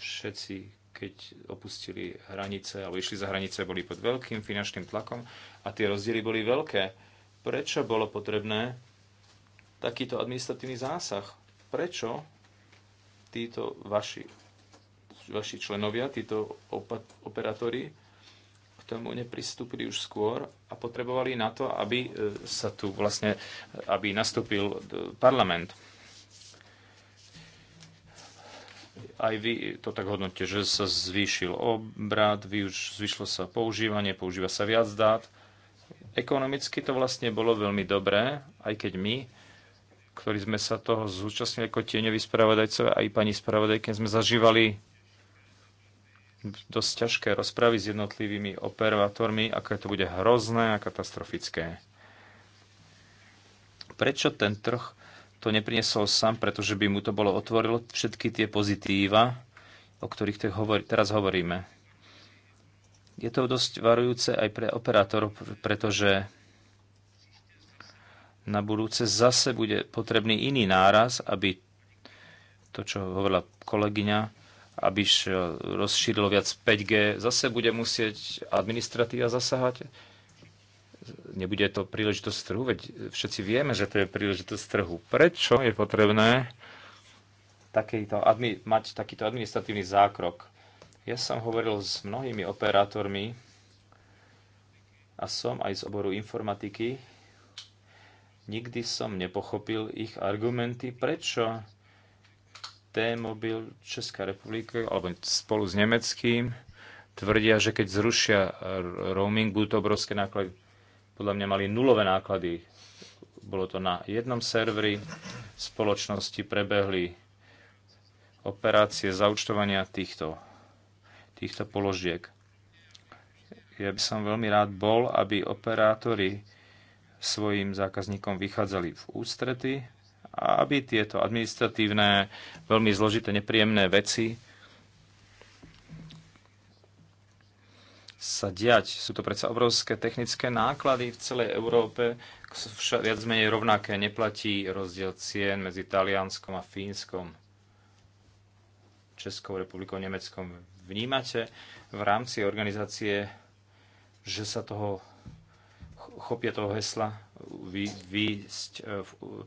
Všetci, keď opustili hranice alebo išli za hranice, boli pod veľkým finančným tlakom a tie rozdiely boli veľké. Prečo bolo potrebné takýto administratívny zásah? Prečo títo vaši vaši členovia, títo operátori, k tomu nepristúpili už skôr a potrebovali na to, aby e, sa tu vlastne, e, aby nastúpil e, parlament. Aj vy to tak hodnote, že sa zvýšil obrad, zvýšilo sa používanie, používa sa viac dát. Ekonomicky to vlastne bolo veľmi dobré, aj keď my ktorí sme sa toho zúčastnili ako tieňoví spravodajcovia, aj pani spravodajky, sme zažívali dosť ťažké rozpravy s jednotlivými operátormi, aké to bude hrozné a katastrofické. Prečo ten trh to nepriniesol sám, pretože by mu to bolo otvorilo všetky tie pozitíva, o ktorých teraz hovoríme. Je to dosť varujúce aj pre operátorov, pretože na budúce zase bude potrebný iný náraz, aby to, čo hovorila kolegyňa, aby rozšírilo viac 5G, zase bude musieť administratíva zasahať. Nebude to príležitosť trhu, veď všetci vieme, že to je príležitosť trhu. Prečo je potrebné takýto, mať takýto administratívny zákrok? Ja som hovoril s mnohými operátormi a som aj z oboru informatiky. Nikdy som nepochopil ich argumenty, prečo T-Mobil Česká republika, alebo spolu s nemeckým, tvrdia, že keď zrušia roaming, budú to obrovské náklady. Podľa mňa mali nulové náklady. Bolo to na jednom serveri, spoločnosti prebehli operácie zaučtovania týchto, týchto položiek. Ja by som veľmi rád bol, aby operátori svojim zákazníkom vychádzali v ústrety, a aby tieto administratívne, veľmi zložité, nepríjemné veci sa diať. Sú to predsa obrovské technické náklady v celej Európe, viac menej rovnaké, neplatí rozdiel cien medzi Talianskom a Fínskom, Českou republikou, Nemeckom. Vnímate v rámci organizácie, že sa toho chopia toho hesla vy, výsť e, v, v, v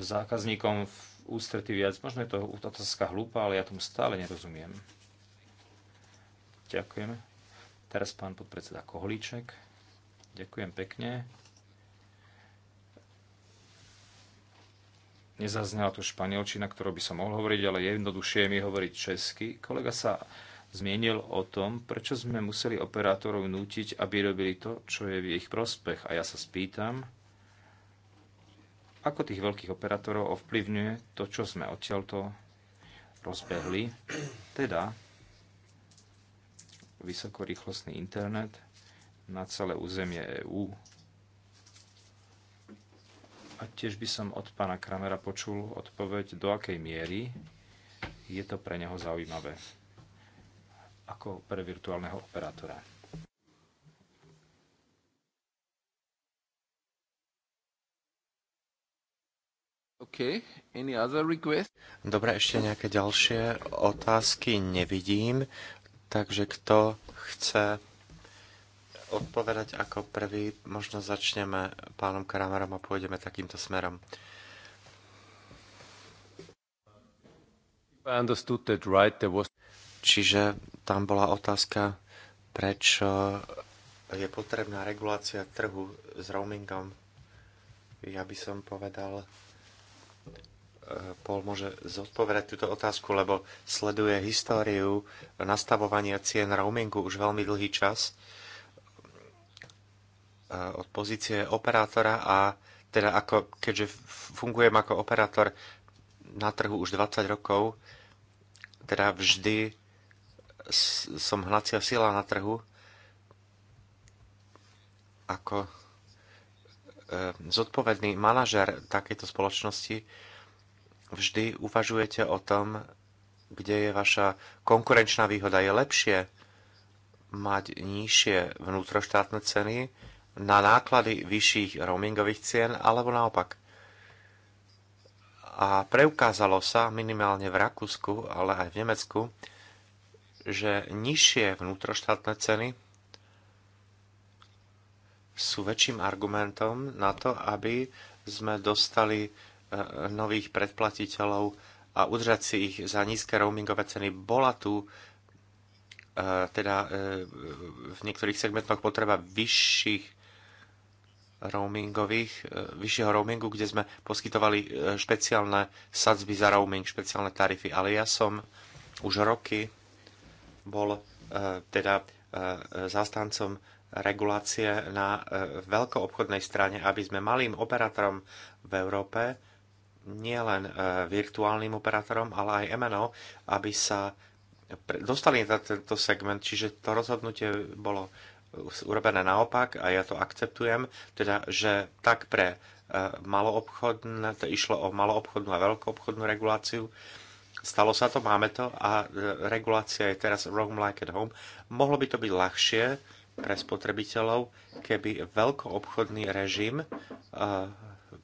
zákazníkom v ústretí viac. Možno je to otázka hlúpa, ale ja tomu stále nerozumiem. Ďakujem. Teraz pán podpredseda Kohlíček. Ďakujem pekne. Nezaznela tu španielčina, ktorú by som mohol hovoriť, ale jednoduchšie je mi hovoriť česky. Kolega sa zmienil o tom, prečo sme museli operátorov nútiť, aby robili to, čo je v ich prospech. A ja sa spýtam, ako tých veľkých operátorov ovplyvňuje to, čo sme odtiaľto rozbehli, teda vysokorýchlostný internet na celé územie EÚ. A tiež by som od pána Kramera počul odpoveď, do akej miery je to pre neho zaujímavé ako pre virtuálneho operátora. Okay. Any other request? Dobre, ešte nejaké ďalšie otázky nevidím, takže kto chce odpovedať ako prvý, možno začneme pánom Kramerom a pôjdeme takýmto smerom. Right, was... Čiže tam bola otázka, prečo je potrebná regulácia trhu s roamingom. Ja by som povedal, Pol môže zodpovedať túto otázku, lebo sleduje históriu nastavovania cien roamingu už veľmi dlhý čas e, od pozície operátora a teda ako, keďže fungujem ako operátor na trhu už 20 rokov, teda vždy som hnacia sila na trhu ako e, zodpovedný manažer takejto spoločnosti vždy uvažujete o tom, kde je vaša konkurenčná výhoda. Je lepšie mať nižšie vnútroštátne ceny na náklady vyšších roamingových cien alebo naopak. A preukázalo sa minimálne v Rakúsku, ale aj v Nemecku, že nižšie vnútroštátne ceny sú väčším argumentom na to, aby sme dostali Eh, nových predplatiteľov a udržať si ich za nízke roamingové ceny. Bola tu eh, teda eh, v niektorých segmentoch potreba vyšších roamingových, vyššieho roamingu, kde sme poskytovali špeciálne sadzby za roaming, špeciálne tarify. Ale ja som už roky bol teda zástancom regulácie na veľkoobchodnej strane, aby sme malým operátorom v Európe nielen e, virtuálnym operátorom, ale aj MNO, aby sa dostali na tento segment, čiže to rozhodnutie bolo urobené naopak a ja to akceptujem, teda, že tak pre e, maloobchodné, to išlo o maloobchodnú a veľkoobchodnú reguláciu, stalo sa to, máme to a e, regulácia je teraz Roam Like at Home. Mohlo by to byť ľahšie pre spotrebiteľov, keby veľkoobchodný režim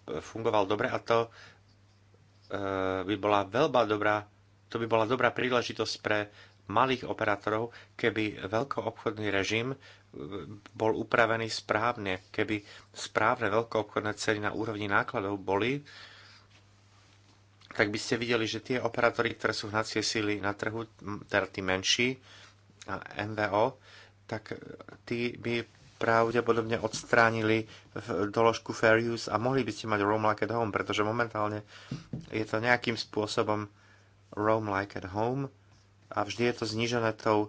fungoval dobre a to by bola veľmi dobrá, to by bola dobrá príležitosť pre malých operátorov, keby veľkoobchodný režim e, bol upravený správne, keby správne veľkoobchodné ceny na úrovni nákladov boli, tak by ste videli, že tie operátory, ktoré sú hnacie síly na trhu, teda tí menší a MVO, tak e, tí by pravdepodobne odstránili v doložku Fair Use a mohli by ste mať Roam Like at Home, pretože momentálne je to nejakým spôsobom Roam Like at Home a vždy je to znižené tou e,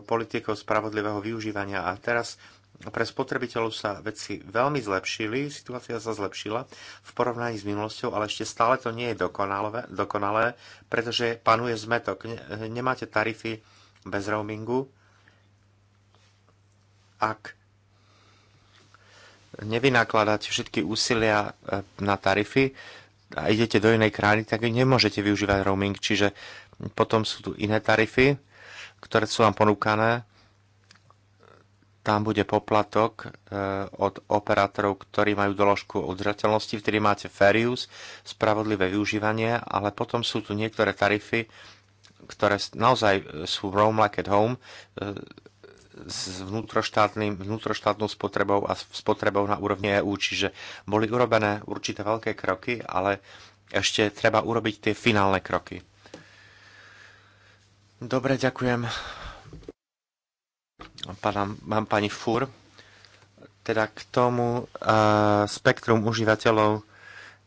politikou spravodlivého využívania. A teraz pre spotrebiteľov sa veci veľmi zlepšili, situácia sa zlepšila v porovnaní s minulosťou, ale ešte stále to nie je dokonalé, dokonalé pretože panuje zmetok. Nemáte tarify bez roamingu. Ak nevynakladať všetky úsilia e, na tarify a idete do inej krajiny, tak nemôžete využívať roaming. Čiže potom sú tu iné tarify, ktoré sú vám ponúkané. Tam bude poplatok e, od operátorov, ktorí majú doložku udržateľnosti, vtedy máte fair use, spravodlivé využívanie, ale potom sú tu niektoré tarify, ktoré naozaj e, sú roam like at home, s vnútroštátnym, vnútroštátnou spotrebou a spotrebou na úrovni EU, čiže boli urobené určité veľké kroky, ale ešte treba urobiť tie finálne kroky. Dobre, ďakujem. mám pani Fur. Teda k tomu uh, spektrum užívateľov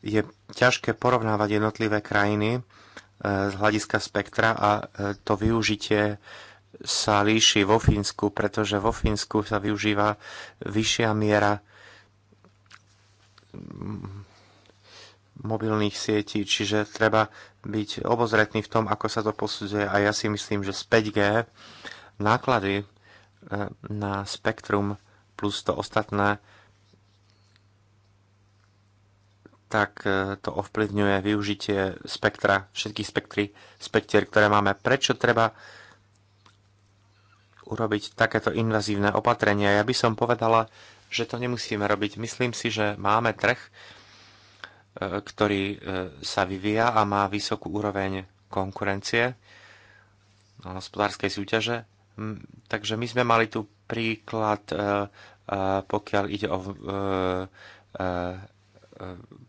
je ťažké porovnávať jednotlivé krajiny uh, z hľadiska spektra a uh, to využitie uh, sa líši vo Fínsku, pretože vo Fínsku sa využíva vyššia miera mobilných sietí, čiže treba byť obozretný v tom, ako sa to posudzuje. A ja si myslím, že z 5G náklady e, na spektrum plus to ostatné, tak e, to ovplyvňuje využitie spektra, všetkých spektri, spektier, ktoré máme. Prečo treba urobiť takéto invazívne opatrenia. Ja by som povedala, že to nemusíme robiť. Myslím si, že máme trh, e, ktorý e, sa vyvíja a má vysokú úroveň konkurencie a no, hospodárskej súťaže. Takže my sme mali tu príklad, e, pokiaľ ide o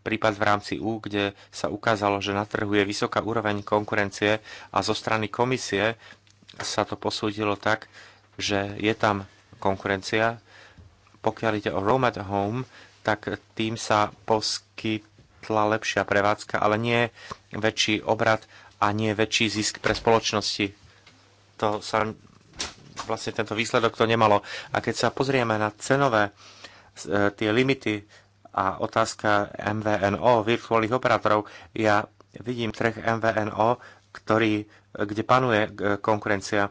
prípad v rámci U, kde sa ukázalo, že na trhu je vysoká úroveň konkurencie a zo strany komisie sa to posúdilo tak, že je tam konkurencia. Pokiaľ ide o Roam at Home, tak tým sa poskytla lepšia prevádzka, ale nie väčší obrad a nie väčší zisk pre spoločnosti. To sa vlastne tento výsledok to nemalo. A keď sa pozrieme na cenové e, tie limity a otázka MVNO, virtuálnych operátorov, ja vidím trh MVNO, ktorý, e, kde panuje e, konkurencia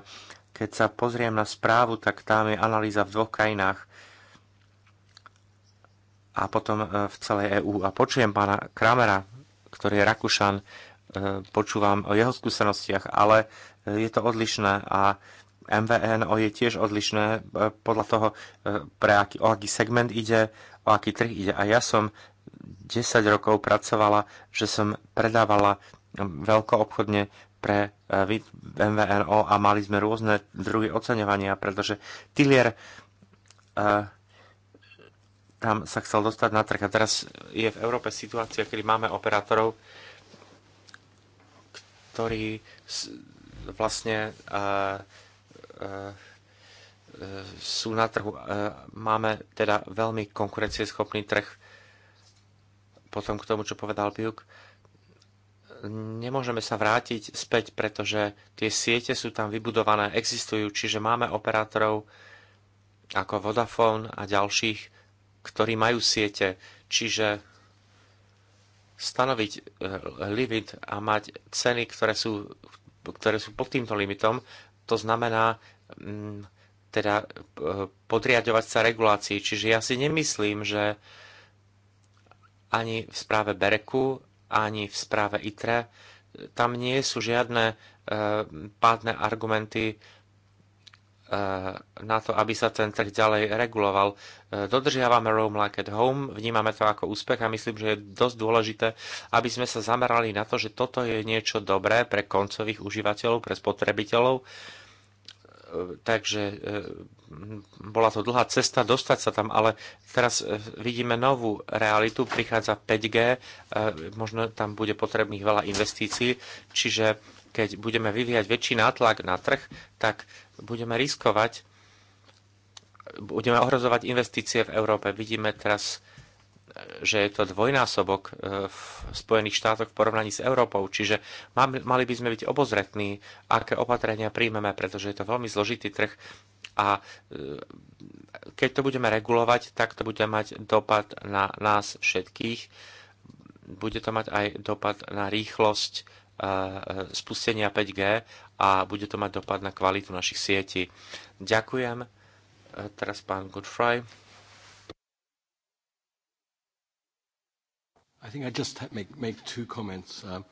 keď sa pozriem na správu, tak tam je analýza v dvoch krajinách a potom e, v celej EÚ. A počujem pána Kramera, ktorý je Rakušan, e, počúvam o jeho skúsenostiach, ale e, je to odlišné a MVNO je tiež odlišné podľa toho, pre aký, o aký segment ide, o aký trh ide. A ja som 10 rokov pracovala, že som predávala veľkoobchodne pre e, MVNO a mali sme rôzne druhy oceňovania, pretože Tilier e, tam sa chcel dostať na trh. A teraz je v Európe situácia, kedy máme operátorov, ktorí vlastne e, sú na trhu. Máme teda veľmi konkurencieschopný trh. Potom k tomu, čo povedal Biuk, nemôžeme sa vrátiť späť, pretože tie siete sú tam vybudované, existujú, čiže máme operátorov ako Vodafone a ďalších, ktorí majú siete. Čiže stanoviť e, limit a mať ceny, ktoré sú, ktoré sú pod týmto limitom, to znamená mm, teda e, podriadovať sa regulácii. Čiže ja si nemyslím, že ani v správe Bereku, ani v správe ITRE. Tam nie sú žiadne e, pádne argumenty e, na to, aby sa ten trh ďalej reguloval. E, dodržiavame Roam Like at Home, vnímame to ako úspech a myslím, že je dosť dôležité, aby sme sa zamerali na to, že toto je niečo dobré pre koncových užívateľov, pre spotrebiteľov, takže e, bola to dlhá cesta dostať sa tam, ale teraz e, vidíme novú realitu, prichádza 5G, e, možno tam bude potrebných veľa investícií, čiže keď budeme vyvíjať väčší nátlak na trh, tak budeme riskovať, budeme ohrozovať investície v Európe. Vidíme teraz že je to dvojnásobok e, v Spojených štátoch v porovnaní s Európou. Čiže mali by sme byť obozretní, aké opatrenia príjmeme, pretože je to veľmi zložitý trh a e, keď to budeme regulovať, tak to bude mať dopad na nás všetkých. Bude to mať aj dopad na rýchlosť e, spustenia 5G a bude to mať dopad na kvalitu našich sietí. Ďakujem. Teraz pán Goodfry. I think I just make, make two comments. Um,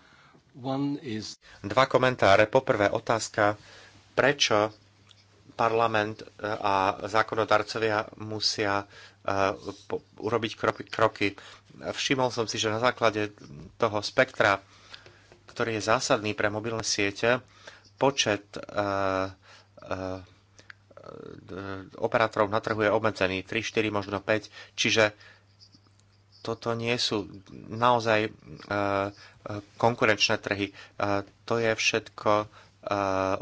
one is... Dva komentáre. Poprvé otázka, prečo parlament eh, a zákonodarcovia musia eh, urobiť kroky. Všimol som si, že na základe toho spektra, ktorý je zásadný pre mobilné siete, počet eh, operátorov na trhu je obmedzený, 3, 4, možno 5, čiže toto nie sú naozaj e, e, konkurenčné trhy. E, to je všetko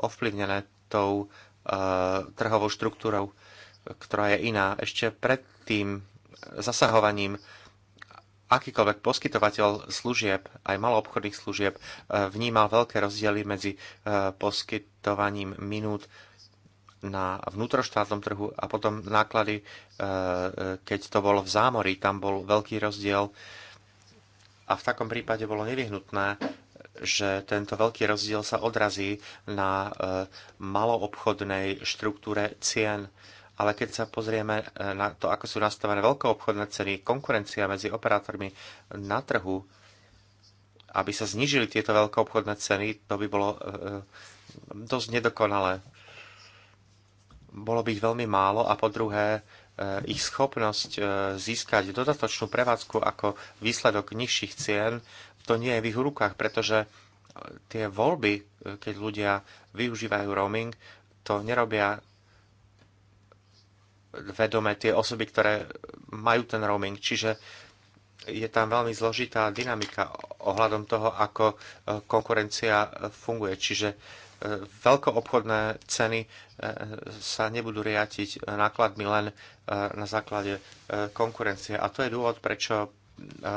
ovplyvnené tou trhovou štruktúrou, ktorá je iná. Ešte pred tým zasahovaním akýkoľvek poskytovateľ služieb, aj maloobchodných služieb, vnímal veľké rozdiely medzi poskytovaním minút na vnútroštátnom trhu a potom náklady, e, e, keď to bolo v zámorí, tam bol veľký rozdiel a v takom prípade bolo nevyhnutné, že tento veľký rozdiel sa odrazí na e, maloobchodnej štruktúre cien. Ale keď sa pozrieme na to, ako sú nastavené veľkoobchodné ceny, konkurencia medzi operátormi na trhu, aby sa znižili tieto veľkoobchodné ceny, to by bolo dosť nedokonalé bolo by ich veľmi málo a po druhé e, ich schopnosť e, získať dodatočnú prevádzku ako výsledok nižších cien, to nie je v ich rukách, pretože e, tie voľby, keď ľudia využívajú roaming, to nerobia vedome tie osoby, ktoré majú ten roaming. Čiže je tam veľmi zložitá dynamika ohľadom toho, ako konkurencia funguje. Čiže veľkoobchodné ceny eh, sa nebudú riatiť nákladmi len eh, na základe eh, konkurencie. A to je dôvod, prečo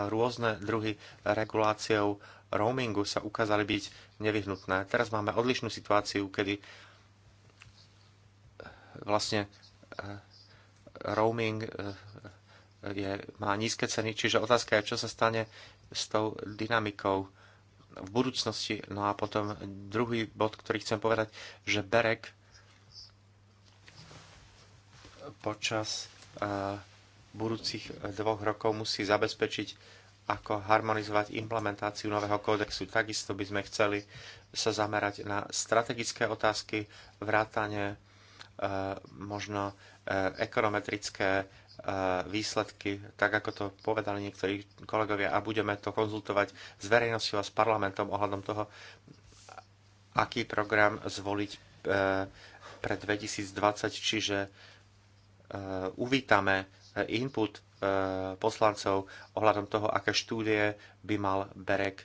rôzne druhy reguláciou roamingu sa ukázali byť nevyhnutné. Teraz máme odlišnú situáciu, kedy vlastne roaming je, má nízke ceny, čiže otázka je, čo sa stane s tou dynamikou v budúcnosti. No a potom druhý bod, ktorý chcem povedať, že Berek počas budúcich e, dvoch rokov musí zabezpečiť ako harmonizovať implementáciu nového kódexu. Takisto by sme chceli sa zamerať na strategické otázky, vrátane e, možno e, ekonometrické E, výsledky, tak ako to povedali niektorí kolegovia, a budeme to konzultovať s verejnosťou a s parlamentom ohľadom toho, aký program zvoliť e, pre 2020, čiže e, uvítame input poslancov ohľadom toho, aké štúdie by mal Berek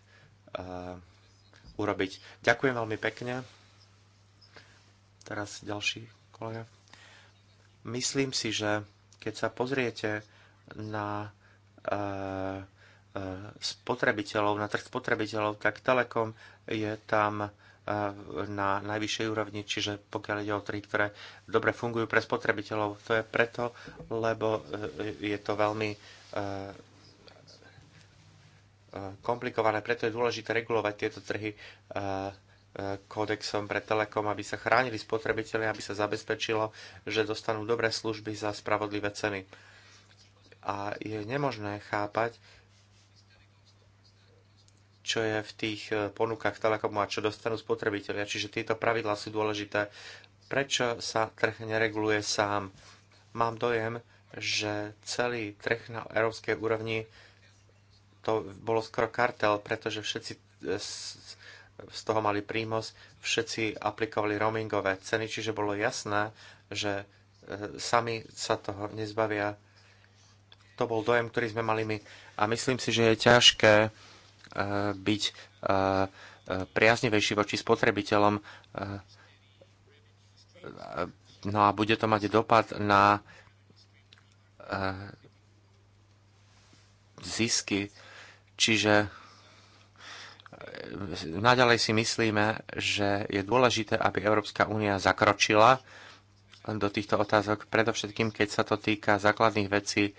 urobiť. Ďakujem veľmi pekne. Teraz ďalší kolega. Myslím si, že keď sa pozriete na e, e, spotrebiteľov, na trh spotrebiteľov, tak Telekom je tam e, na najvyššej úrovni, čiže pokiaľ ide o trhy, ktoré dobre fungujú pre spotrebiteľov, to je preto, lebo je to veľmi komplikované, preto je dôležité regulovať tieto trhy kódexom pre Telekom, aby sa chránili spotrebitelia, aby sa zabezpečilo, že dostanú dobré služby za spravodlivé ceny. A je nemožné chápať, čo je v tých e, ponukách Telekomu a čo dostanú spotrebitelia. Čiže tieto pravidlá sú dôležité. Prečo sa trh nereguluje sám? Mám dojem, že celý trh na európskej úrovni to bolo skoro kartel, pretože všetci e, z toho mali prínos, všetci aplikovali roamingové ceny, čiže bolo jasné, že e, sami sa toho nezbavia. To bol dojem, ktorý sme mali my. A myslím si, že je ťažké e, byť e, priaznivejší voči spotrebiteľom. No a bude to mať dopad na zisky. Čiže naďalej si myslíme, že je dôležité, aby Európska únia zakročila do týchto otázok, predovšetkým keď sa to týka základných vecí, e,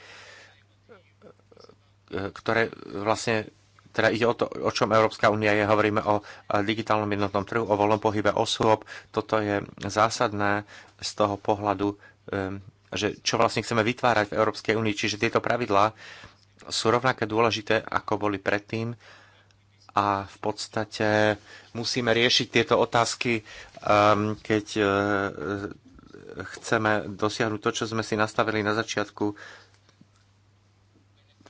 ktoré vlastne teda ide o to, o čom Európska únia je. Hovoríme o digitálnom jednotnom trhu, o voľnom pohybe osôb. Toto je zásadné z toho pohľadu, e, že čo vlastne chceme vytvárať v Európskej únii. Čiže tieto pravidlá sú rovnaké dôležité, ako boli predtým a v podstate musíme riešiť tieto otázky, um, keď uh, chceme dosiahnuť to, čo sme si nastavili na začiatku.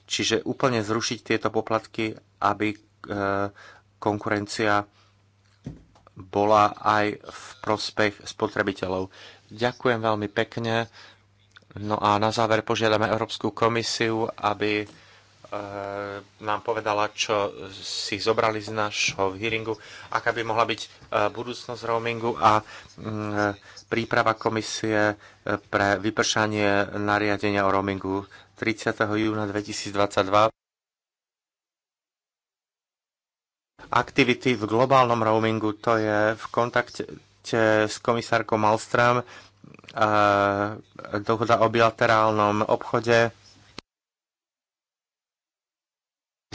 Čiže úplne zrušiť tieto poplatky, aby uh, konkurencia bola aj v prospech spotrebiteľov. Ďakujem veľmi pekne. No a na záver požiadame Európsku komisiu, aby E, nám povedala, čo si zobrali z nášho hearingu, aká by mohla byť e, budúcnosť roamingu a mm, e, príprava komisie pre vypršanie nariadenia o roamingu 30. júna 2022. Aktivity v globálnom roamingu, to je v kontakte s komisárkou Malström, dohoda o bilaterálnom obchode,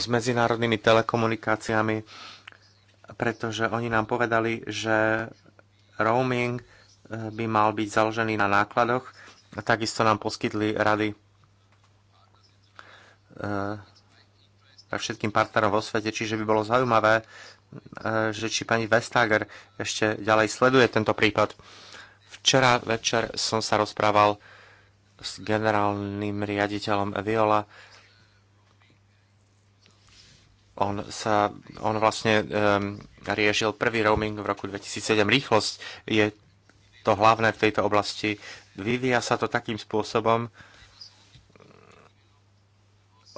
s medzinárodnými telekomunikáciami, pretože oni nám povedali, že roaming eh, by mal byť založený na nákladoch. A takisto nám poskytli rady pre eh, všetkým partnerom vo svete, čiže by bolo zaujímavé, eh, že či pani Vestager ešte ďalej sleduje tento prípad. Včera večer som sa rozprával s generálnym riaditeľom Viola on, sa, on vlastne um, riešil prvý roaming v roku 2007. Rýchlosť je to hlavné v tejto oblasti. Vyvíja sa to takým spôsobom,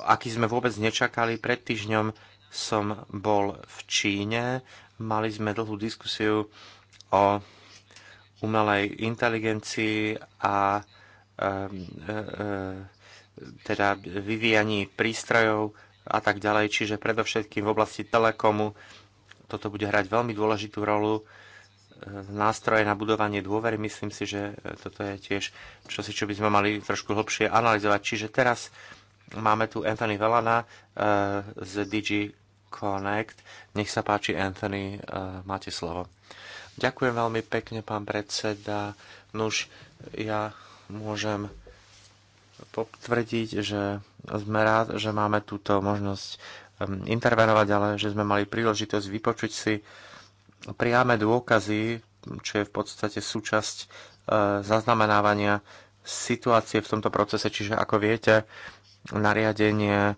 aký sme vôbec nečakali. Pred týždňom som bol v Číne. Mali sme dlhú diskusiu o umelej inteligencii a e, e, teda vyvíjaní prístrojov a tak ďalej. Čiže predovšetkým v oblasti telekomu toto bude hrať veľmi dôležitú rolu. E, nástroje na budovanie dôvery, myslím si, že e, toto je tiež čosi, čo by sme mali trošku hlbšie analyzovať. Čiže teraz máme tu Anthony Velana e, z DG Connect. Nech sa páči, Anthony, máte slovo. Ďakujem veľmi pekne, pán predseda. Nuž, ja môžem potvrdiť, že sme rád, že máme túto možnosť um, intervenovať, ale že sme mali príležitosť vypočuť si priame dôkazy, čo je v podstate súčasť uh, zaznamenávania situácie v tomto procese. Čiže ako viete, nariadenie o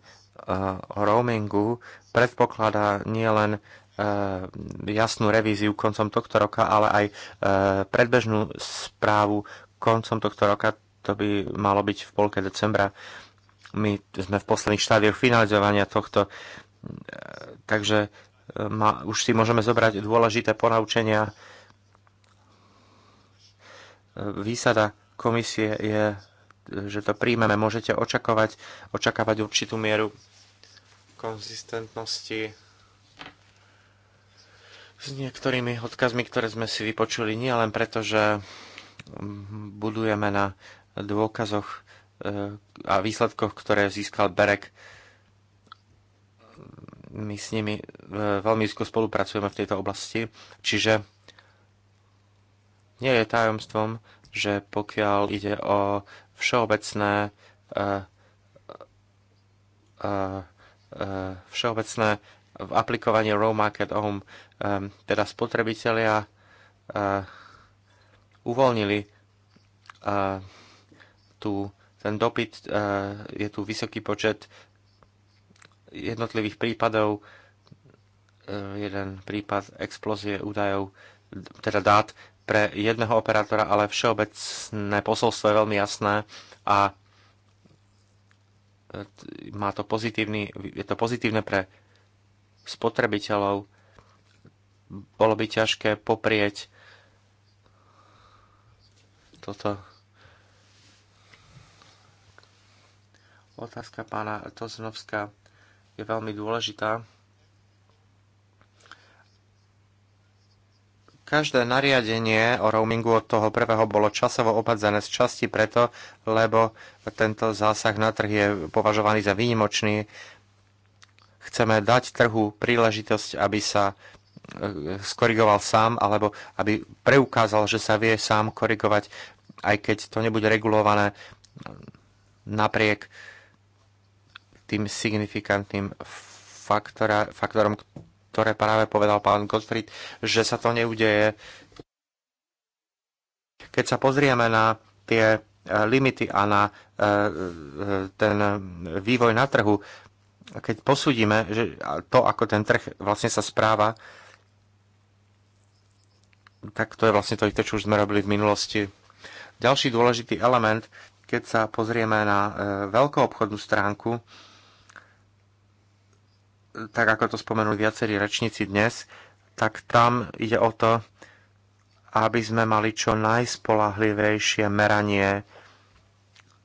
uh, roamingu predpokladá nielen uh, jasnú revíziu koncom tohto roka, ale aj predbežnú správu koncom tohto roka to by malo byť v polke decembra. My sme v posledných štádiach finalizovania tohto, e, takže e, ma, už si môžeme zobrať dôležité ponaučenia. E, výsada komisie je, že to príjmeme. Môžete očakovať, očakávať určitú mieru konzistentnosti s niektorými odkazmi, ktoré sme si vypočuli, nie len preto, že budujeme na dôkazoch eh, a výsledkoch, ktoré získal Berek. My s nimi eh, veľmi úzko spolupracujeme v tejto oblasti, čiže nie je tajomstvom, že pokiaľ ide o všeobecné eh, všeobecné v aplikovanie Raw Market Home, teda spotrebitelia uvoľnili tu ten dopyt, e, je tu vysoký počet jednotlivých prípadov, e, jeden prípad explózie údajov, teda dát pre jedného operátora, ale všeobecné posolstvo je veľmi jasné a e, má to pozitívny, je to pozitívne pre spotrebiteľov. Bolo by ťažké poprieť toto Otázka pána Toznovska je veľmi dôležitá. Každé nariadenie o roamingu od toho prvého bolo časovo obmedzené z časti preto, lebo tento zásah na trh je považovaný za výnimočný. Chceme dať trhu príležitosť, aby sa eh, skorigoval sám, alebo aby preukázal, že sa vie sám korigovať, aj keď to nebude regulované eh, napriek tým signifikantným faktora, faktorom, ktoré práve povedal pán Gottfried, že sa to neudeje. Keď sa pozrieme na tie e, limity a na e, e, ten vývoj na trhu, keď posúdime že to, ako ten trh vlastne sa správa, tak to je vlastne to, čo už sme robili v minulosti. Ďalší dôležitý element, keď sa pozrieme na veľkou obchodnú stránku, tak ako to spomenuli viacerí rečníci dnes, tak tam ide o to, aby sme mali čo najspolahlivejšie meranie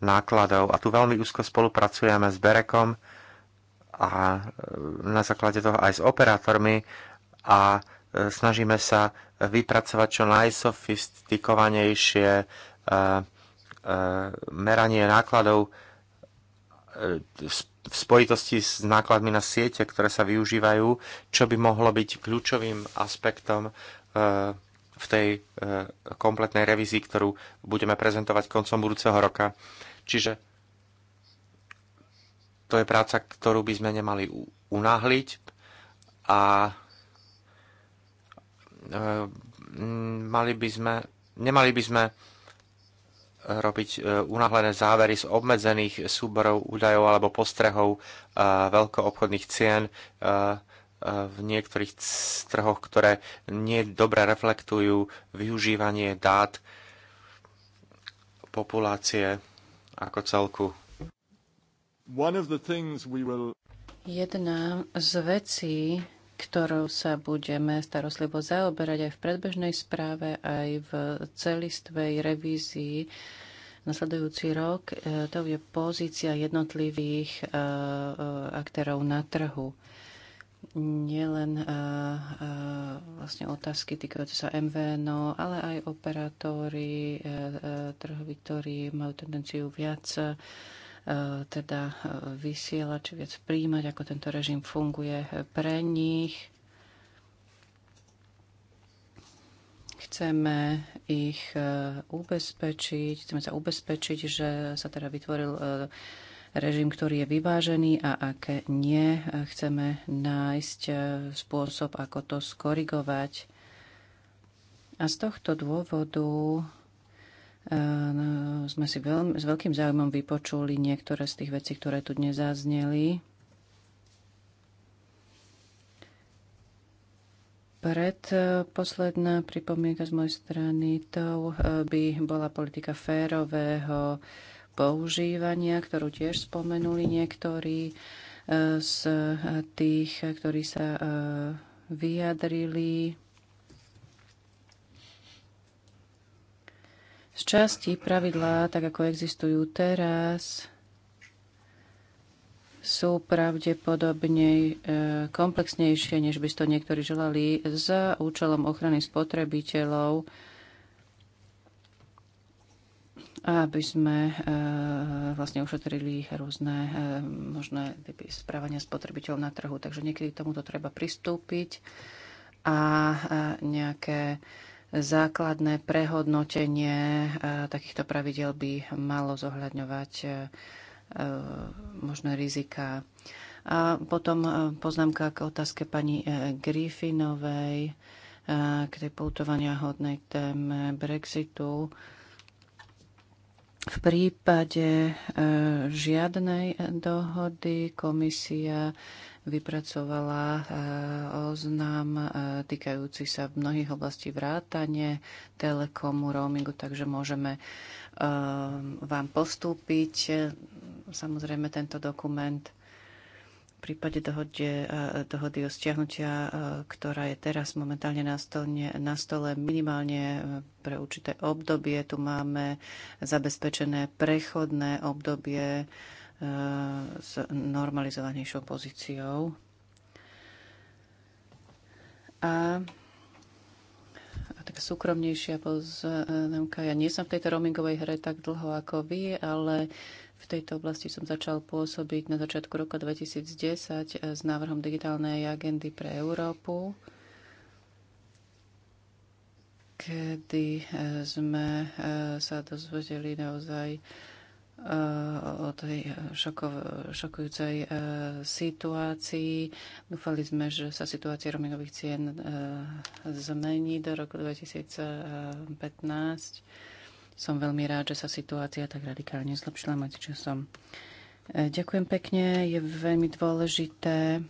nákladov. A tu veľmi úzko spolupracujeme s Berekom a e, na základe toho aj s operátormi a e, snažíme sa vypracovať čo najsofistikovanejšie e, meranie nákladov v spojitosti s nákladmi na siete, ktoré sa využívajú, čo by mohlo byť kľúčovým aspektom e, v tej e, kompletnej revízii, ktorú budeme prezentovať koncom budúceho roka. Čiže to je práca, ktorú by sme nemali unáhliť a e, mali by sme, nemali by sme robiť e, unáhlené závery z obmedzených súborov údajov alebo postrehov e, veľkoobchodných cien e, v niektorých trhoch, ktoré nie dobre reflektujú využívanie dát populácie ako celku. Jedna z vecí, ktorou sa budeme starostlivo zaoberať aj v predbežnej správe, aj v celistvej revízii nasledujúci rok. E, to je pozícia jednotlivých e, e, aktérov na trhu. Nielen vlastne otázky týkajúce sa MVNO, ale aj operátori trhoví, ktorí majú tendenciu viac E, teda e, vysielať, či viac príjmať, ako tento režim funguje pre nich. Chceme ich e, ubezpečiť, chceme sa ubezpečiť, že sa teda vytvoril režim, ktorý je vyvážený a aké nie. Chceme nájsť spôsob, ako to skorigovať. A z tohto dôvodu Eh, no, sme si veľmi, s veľkým záujmom vypočuli niektoré z tých vecí, ktoré tu dnes zazneli. Predposledná eh, pripomienka z mojej strany to eh, by bola politika férového používania, ktorú tiež spomenuli niektorí z tých, ktorí sa vyjadrili. Z časti pravidlá, tak ako existujú teraz, sú pravdepodobne e, komplexnejšie, než by to niektorí želali, za účelom ochrany spotrebiteľov, aby sme e, vlastne ušetrili rôzne e, možné typy správania spotrebiteľov na trhu. Takže niekedy k tomuto treba pristúpiť a nejaké základné prehodnotenie e, takýchto pravidel by malo zohľadňovať e, e, možné rizika. A potom poznámka k otázke pani Griffinovej k tej poutovania hodnej téme Brexitu. V prípade žiadnej dohody komisia vypracovala eh, oznám eh, týkajúci sa v mnohých oblastí vrátane, telekomu, roamingu, takže môžeme eh, vám postúpiť samozrejme tento dokument v prípade dohode, dohody o stiahnutia, ktorá je teraz momentálne na, stole, na stole minimálne pre určité obdobie. Tu máme zabezpečené prechodné obdobie s normalizovanejšou pozíciou. A taká súkromnejšia poznámka. Ja nie som v tejto roamingovej hre tak dlho ako vy, ale v tejto oblasti som začal pôsobiť na začiatku roka 2010 eh, s návrhom digitálnej agendy pre Európu, kedy eh, sme eh, sa dozvedeli naozaj Eh, o tej šoko, šokujúcej eh, situácii. Dúfali sme, že sa situácia rominových cien eh, zmení do roku 2015. Som veľmi rád, že sa situácia tak radikálne zlepšila medzi časom. Ďakujem pekne, je veľmi dôležité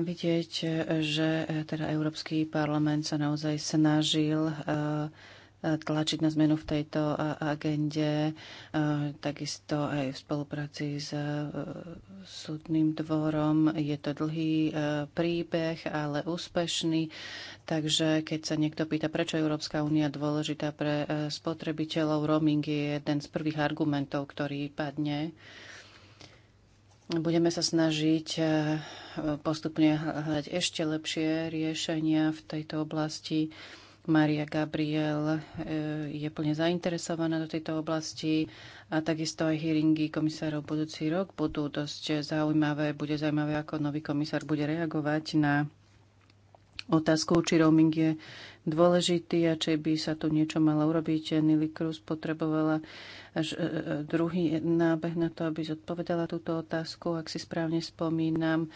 vidieť, že teda Európsky parlament sa naozaj snažil uh, tlačiť na zmenu v tejto agende, takisto aj v spolupráci s e, súdnym dvorom. Je to dlhý e, príbeh, ale úspešný. Takže keď sa niekto pýta, prečo je Európska únia dôležitá pre e, spotrebiteľov, roaming je jeden z prvých argumentov, ktorý padne. Budeme sa snažiť postupne hľadať ešte lepšie riešenia v tejto oblasti. Maria Gabriel e, je plne zainteresovaná do tejto oblasti a takisto aj hearingy komisárov budúci rok budú dosť zaujímavé. Bude zaujímavé, ako nový komisár bude reagovať na otázku, či roaming je dôležitý a či by sa tu niečo malo urobiť. Nili Cruz potrebovala až e, e, e, druhý nábeh na to, aby zodpovedala túto otázku. Ak si správne spomínam,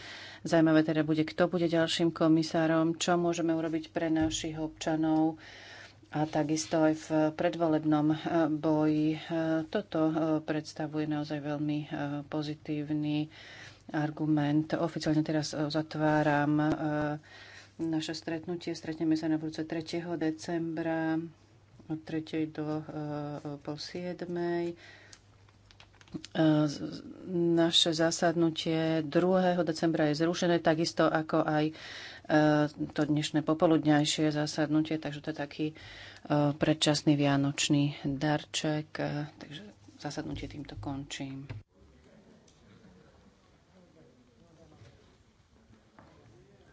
zaujímavé teda bude, kto bude ďalším komisárom, čo môžeme urobiť pre našich občanov a takisto aj v predvolebnom boji. Toto predstavuje naozaj veľmi pozitívny argument. Oficiálne teraz zatváram naše stretnutie. Stretneme sa na budúce 3. decembra od 3. do e, e, pol 7. E, naše zasadnutie 2. decembra je zrušené, takisto ako aj to dnešné popoludňajšie zasadnutie, takže to je taký predčasný vianočný darček. Takže zasadnutie týmto končím.